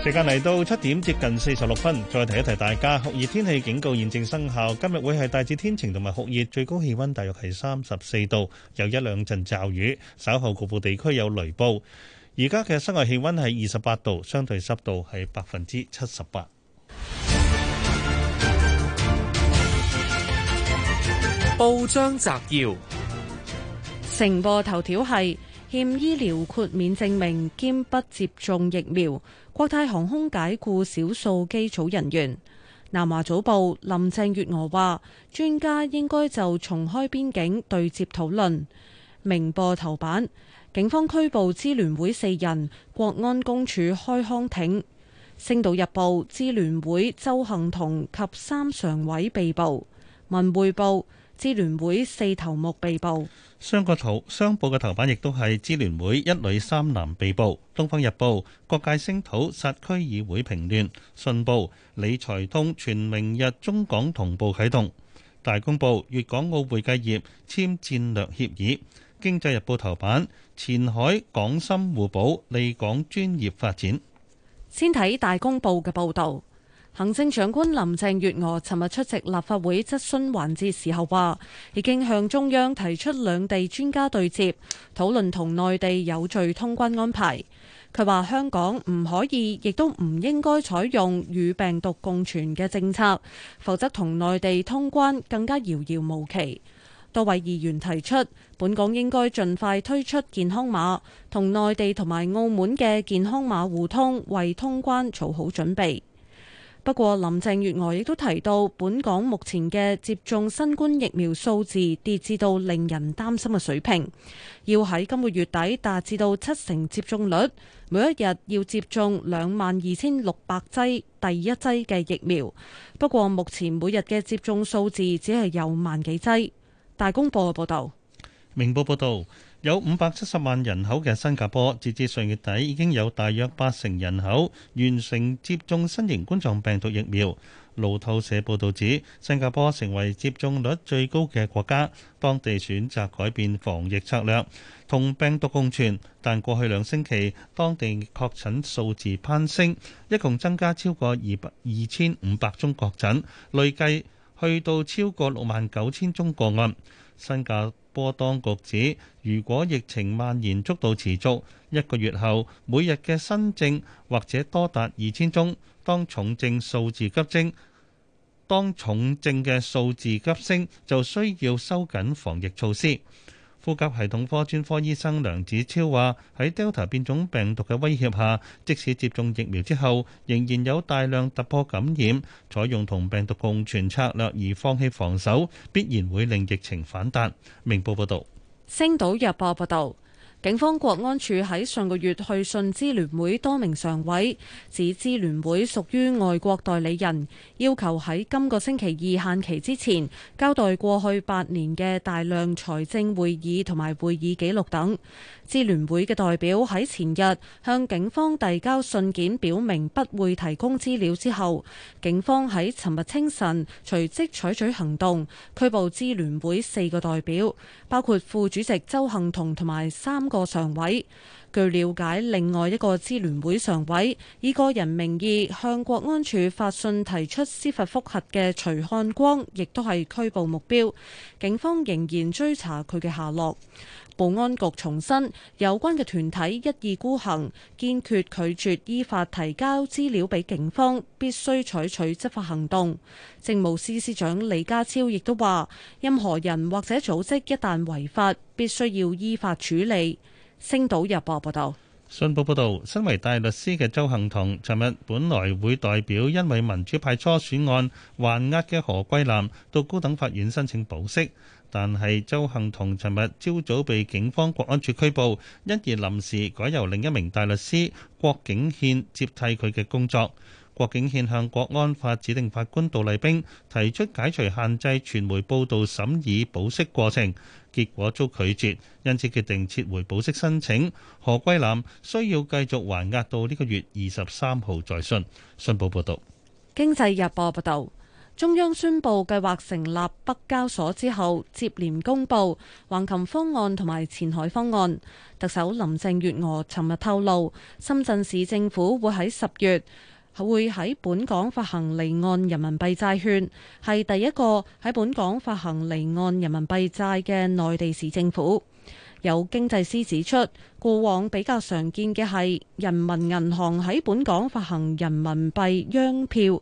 時間嚟到七點接近四十六分，再提一提大家酷熱天氣警告現正生效。今日會係大致天晴同埋酷熱，最高氣温大約係三十四度，有一兩陣驟雨，稍後局部地區有雷暴。而家嘅室外氣温係二十八度，相對濕度係百分之七十八。報章摘要，成 報頭條係欠醫療豁免證明兼不接種疫苗。國泰航空解雇少數機組人員。南華早報林鄭月娥話：專家應該就重開邊境對接討論。明報頭版警方拘捕支聯會四人，國安公署開腔挺。星島日報支聯會周幸彤及三常委被捕。文匯報支聯會四頭目被捕。雙個頭，商報嘅頭版亦都係支聯會一女三男被捕。東方日報、各界聲討、殺區議會評亂、信報、理財通全明日中港同步啟動。大公報、粵港澳會計業簽戰略協議。經濟日報頭版：前海港深互保利港專業發展。先睇大公報嘅報道。行政長官林鄭月娥尋日出席立法會質詢環節時候話，已經向中央提出兩地專家對接，討論同內地有序通關安排。佢話香港唔可以，亦都唔應該採用與病毒共存嘅政策，否則同內地通關更加遙遙無期。多位議員提出，本港應該盡快推出健康碼，同內地同埋澳門嘅健康碼互通，為通關做好準備。不過林鄭月娥亦都提到，本港目前嘅接種新冠疫苗數字跌至到令人擔心嘅水平，要喺今個月底達至到七成接種率，每一日要接種兩萬二千六百劑第一劑嘅疫苗。不過目前每日嘅接種數字只係有萬幾劑。大公報嘅報道，明報報道。有五百七十萬人口嘅新加坡，截至上月底已經有大約八成人口完成接種新型冠狀病毒疫苗。路透社報導指，新加坡成為接種率最高嘅國家，當地選擇改變防疫策略，同病毒共存。但過去兩星期，當地確診數字攀升，一共增加超過二萬二千五百宗確診，累計去到超過六萬九千宗個案。新加波當局指，如果疫情蔓延速度持續，一個月後，每日嘅新症或者多達二千宗，當重症數字急升，當重症嘅數字急升，就需要收緊防疫措施。呼吸系統科專科醫生梁子超話：喺 Delta 變種病毒嘅威脅下，即使接種疫苗之後，仍然有大量突破感染。採用同病毒共存策略而放棄防守，必然會令疫情反彈。明報報導，星島日報報道。警方國安處喺上個月去信支聯會多名常委，指支聯會屬於外國代理人，要求喺今個星期二限期之前交代過去八年嘅大量財政會議同埋會議記錄等。支聯會嘅代表喺前日向警方遞交信件，表明不會提供資料之後，警方喺尋日清晨隨即採取,取行動，拘捕支聯會四個代表，包括副主席鄒幸彤同埋三。個常委據了解，另外一個支聯會常委以個人名義向國安處發信提出司法覆核嘅徐漢光，亦都係拘捕目標，警方仍然追查佢嘅下落。保安局重申，有關嘅團體一意孤行，堅決拒絕依法提交資料俾警方，必須採取執法行動。政務司司長李家超亦都話任何人或者組織一旦違法，必須要依法處理。星島日報報道。信報報道，身為大律師嘅鄒幸彤，尋日本來會代表因為民主派初選案還押嘅何桂藍到高等法院申請保釋。但係，鄒幸彤尋日朝早被警方國安處拘捕，因而臨時改由另一名大律師郭景憲接替佢嘅工作。郭景憲向國安法指定法官杜麗冰提出解除限制傳媒報導審議保釋過程，結果遭拒絕，因此決定撤回保釋申請。何桂藍需要繼續還押到呢個月二十三號再訊。信報報道，經濟日報報道。中央宣布計劃成立北交所之後，接連公布橫琴方案同埋前海方案。特首林鄭月娥尋日透露，深圳市政府會喺十月會喺本港發行離岸人民幣債券，係第一個喺本港發行離岸人民幣債嘅內地市政府。有經濟師指出，過往比較常見嘅係人民銀行喺本港發行人民幣央票，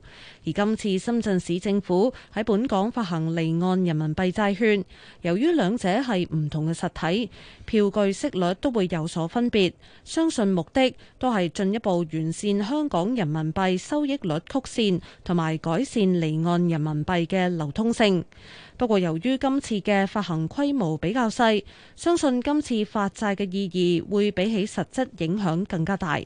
而今次深圳市政府喺本港發行離岸人民幣債券。由於兩者係唔同嘅實體，票據息率都會有所分別。相信目的都係進一步完善香港人民幣收益率曲線，同埋改善離岸人民幣嘅流通性。不過由於今次嘅發行規模比較細，相信今次發債嘅意義會比起實質影響更加大。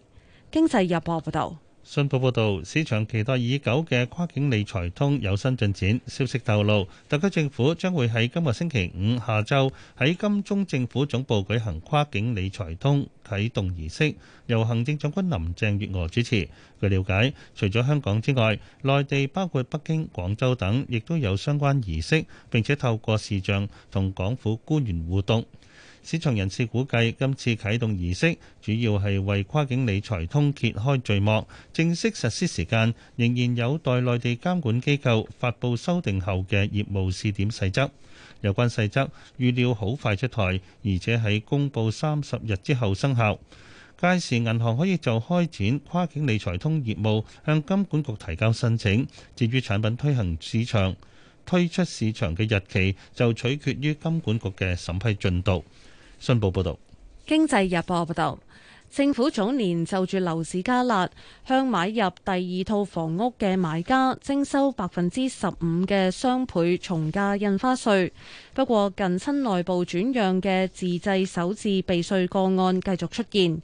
經濟日報報導，信報報導，市場期待已久嘅跨境理財通有新進展。消息透露，特區政府將會喺今日星期五下晝喺金鐘政府總部舉行跨境理財通啟動儀式，由行政長官林鄭月娥主持。據了解，除咗香港之外，內地包括北京、廣州等，亦都有相關儀式，並且透過視像同港府官員互動。市場人士估計，今次啟動儀式主要係為跨境理財通揭開序幕，正式實施時間仍然有待內地監管機構發布修訂後嘅業務試點細則。有關細則預料好快出台，而且喺公佈三十日之後生效。屆時銀行可以就開展跨境理財通業務向金管局提交申請。至於產品推行市場，推出市場嘅日期，就取決於金管局嘅審批進度。信報報道，《經濟日報》報道，政府早年就住樓市加辣，向買入第二套房屋嘅買家徵收百分之十五嘅雙倍重價印花稅。不過，近親內部轉讓嘅自製首次避稅個案繼續出現。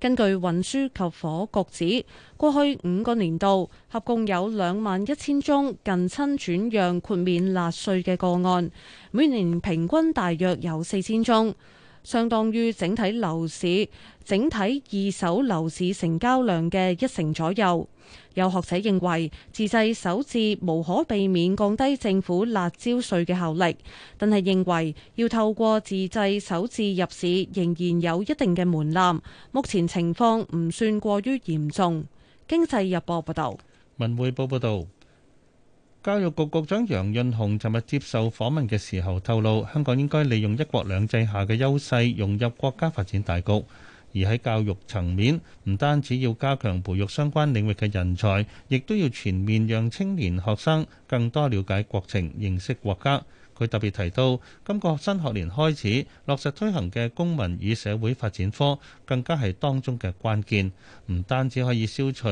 根據運輸及火局指，過去五個年度合共有兩萬一千宗近親轉讓豁免辣稅嘅個案，每年平均大約有四千宗。相當於整體樓市、整體二手樓市成交量嘅一成左右。有學者認為，自製首置無可避免降低政府辣椒稅嘅效力，但係認為要透過自製首置入市仍然有一定嘅門檻。目前情況唔算過於嚴重。經濟日報報道。文匯報報道。教育局局長楊潤雄尋日接受訪問嘅時候透露，香港應該利用一國兩制下嘅優勢融入國家發展大局，而喺教育層面，唔單止要加強培育相關領域嘅人才，亦都要全面讓青年學生更多了解國情，認識國家。佢特別提到，今個新學年開始落實推行嘅公民與社會發展科，更加係當中嘅關鍵，唔單止可以消除。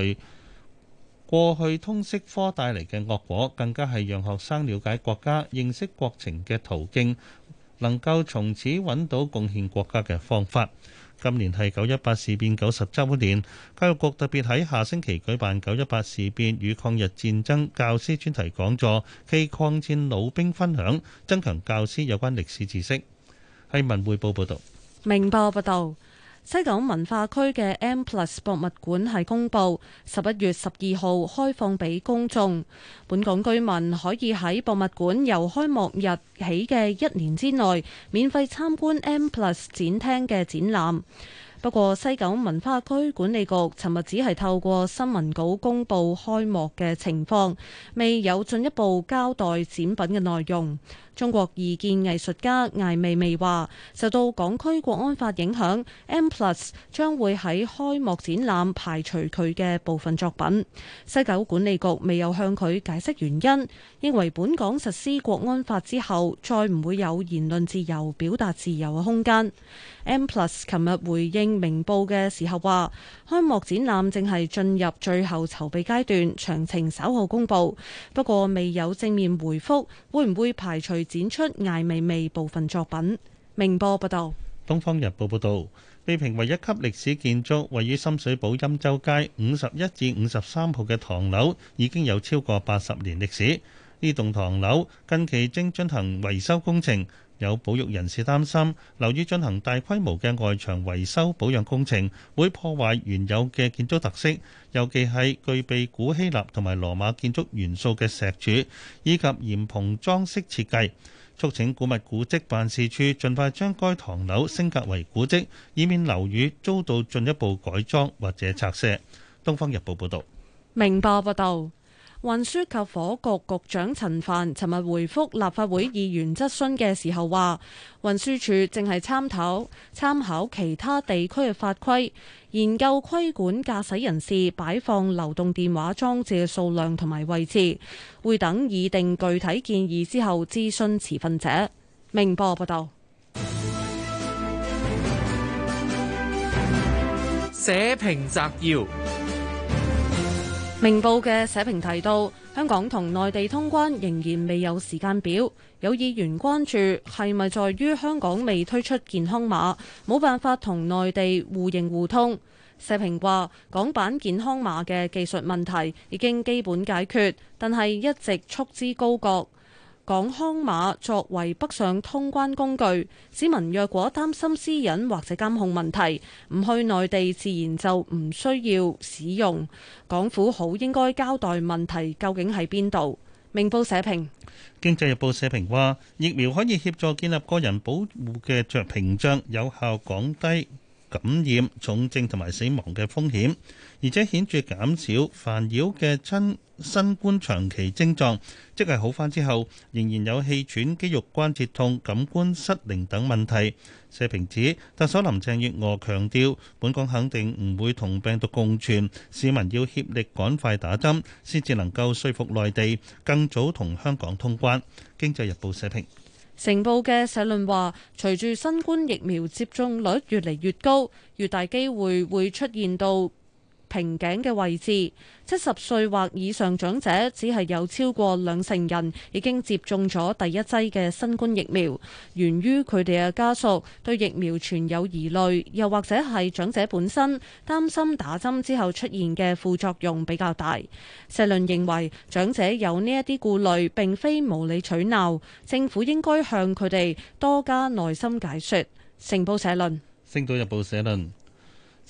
過去通識科帶嚟嘅惡果，更加係讓學生了解國家、認識國情嘅途徑，能夠從此揾到貢獻國家嘅方法。今年係九一八事變九十週年，教育局特別喺下星期舉辦九一八事變與抗日戰爭教師專題講座，暨抗戰老兵分享，增強教師有關歷史知識。係文匯報報導，明報報道。西九文化區嘅 M Plus 博物館係公佈十一月十二號開放俾公眾，本港居民可以喺博物館由開幕日起嘅一年之內免費參觀 M Plus 展廳嘅展覽。不過，西九文化區管理局尋日只係透過新聞稿公布開幕嘅情況，未有進一步交代展品嘅內容。中國二建藝術家艾薇薇話：受到港區國安法影響，M+ p l s 將會喺開幕展覽排除佢嘅部分作品。西九管理局未有向佢解釋原因，認為本港實施國安法之後，再唔會有言論自由、表達自由嘅空間。M+ 琴日回應明報嘅時候話，開幕展覽正係進入最後籌備階段，詳情稍後公布。不過未有正面回復，會唔會排除展出艾未未部分作品？明報報道，《東方日報，報》報道，被評為一級歷史建築，位於深水埗欽州街五十一至五十三號嘅唐樓，樓已經有超過八十年歷史。呢棟唐樓近期正進行維修工程。有保育人士擔心，樓宇進行大規模嘅外牆維修保養工程，會破壞原有嘅建築特色，尤其係具備古希臘同埋羅馬建築元素嘅石柱以及鹽篷裝飾設計。促請古物古蹟辦事處盡快將該唐樓升格為古蹟，以免樓宇遭到進一步改裝或者拆卸。《東方日報》報道。明報報道。運輸及火局局長陳帆尋日回覆立法會議員質詢嘅時候話，運輸署正係參考參考其他地區嘅法規，研究規管駕駛人士擺放流動電話裝置嘅數量同埋位置，會等擬定具體建議之後諮詢持份者。明報報道，社評摘要。明報嘅社評提到，香港同內地通關仍然未有時間表。有議員關注係咪在於香港未推出健康碼，冇辦法同內地互認互通。社評話，港版健康碼嘅技術問題已經基本解決，但係一直束之高閣。港康碼作為北上通關工具，市民若果擔心私隱或者監控問題，唔去內地自然就唔需要使用。港府好應該交代問題究竟喺邊度。明報社評，《經濟日報社評》社評話，疫苗可以協助建立個人保護嘅著屏障，有效降低。感染、重症同埋死亡嘅風險，而且顯著減少煩擾嘅親新冠長期症狀，即係好翻之後仍然有氣喘、肌肉關節痛、感官失靈等問題。社評指特首林鄭月娥強調，本港肯定唔會同病毒共存，市民要協力趕快打針，先至能夠說服內地更早同香港通關。經濟日報社評。成報嘅社論話，隨住新冠疫苗接種率越嚟越高，越大機會會出現到瓶頸嘅位置，七十歲或以上長者只係有超過兩成人已經接種咗第一劑嘅新冠疫苗，源於佢哋嘅家屬對疫苗存有疑慮，又或者係長者本身擔心打針之後出現嘅副作用比較大。社論認為長者有呢一啲顧慮，並非無理取鬧，政府應該向佢哋多加耐心解說。成報社論，星島日報社論。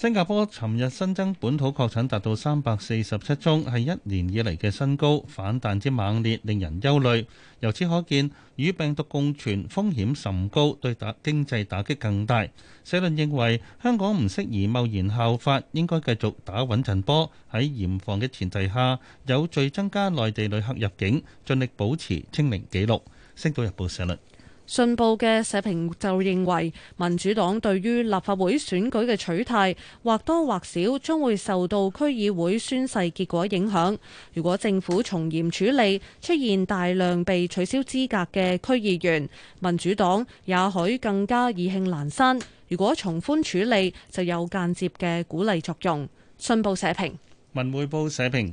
新加坡尋日新增本土確診達到三百四十七宗，係一年以嚟嘅新高，反彈之猛烈令人憂慮。由此可見，與病毒共存風險甚高，對打經濟打擊更大。社論認為香港唔適宜貿然效法，應該繼續打穩陣波，喺嚴防嘅前提下有序增加內地旅客入境，盡力保持清零記錄。星島日報社論。信報嘅社評就認為，民主黨對於立法會選舉嘅取態，或多或少將會受到區議會宣誓結果影響。如果政府從嚴處理，出現大量被取消資格嘅區議員，民主黨也許更加意興闌珊；如果從寬處理，就有間接嘅鼓勵作用。信報社評，文匯報社評。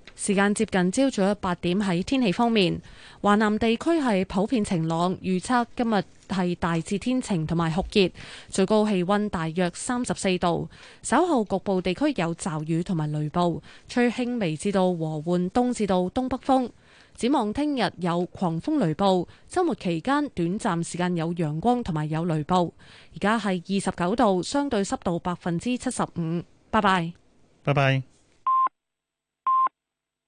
時間接近朝早八點，喺天氣方面，華南地區係普遍晴朗，預測今日係大致天晴同埋酷熱，最高氣溫大約三十四度，稍後局部地區有驟雨同埋雷暴，吹輕微至到和緩東至到東北風，展望聽日有狂風雷暴，週末期間短暫時間有陽光同埋有雷暴，而家係二十九度，相對濕度百分之七十五。拜拜，拜拜。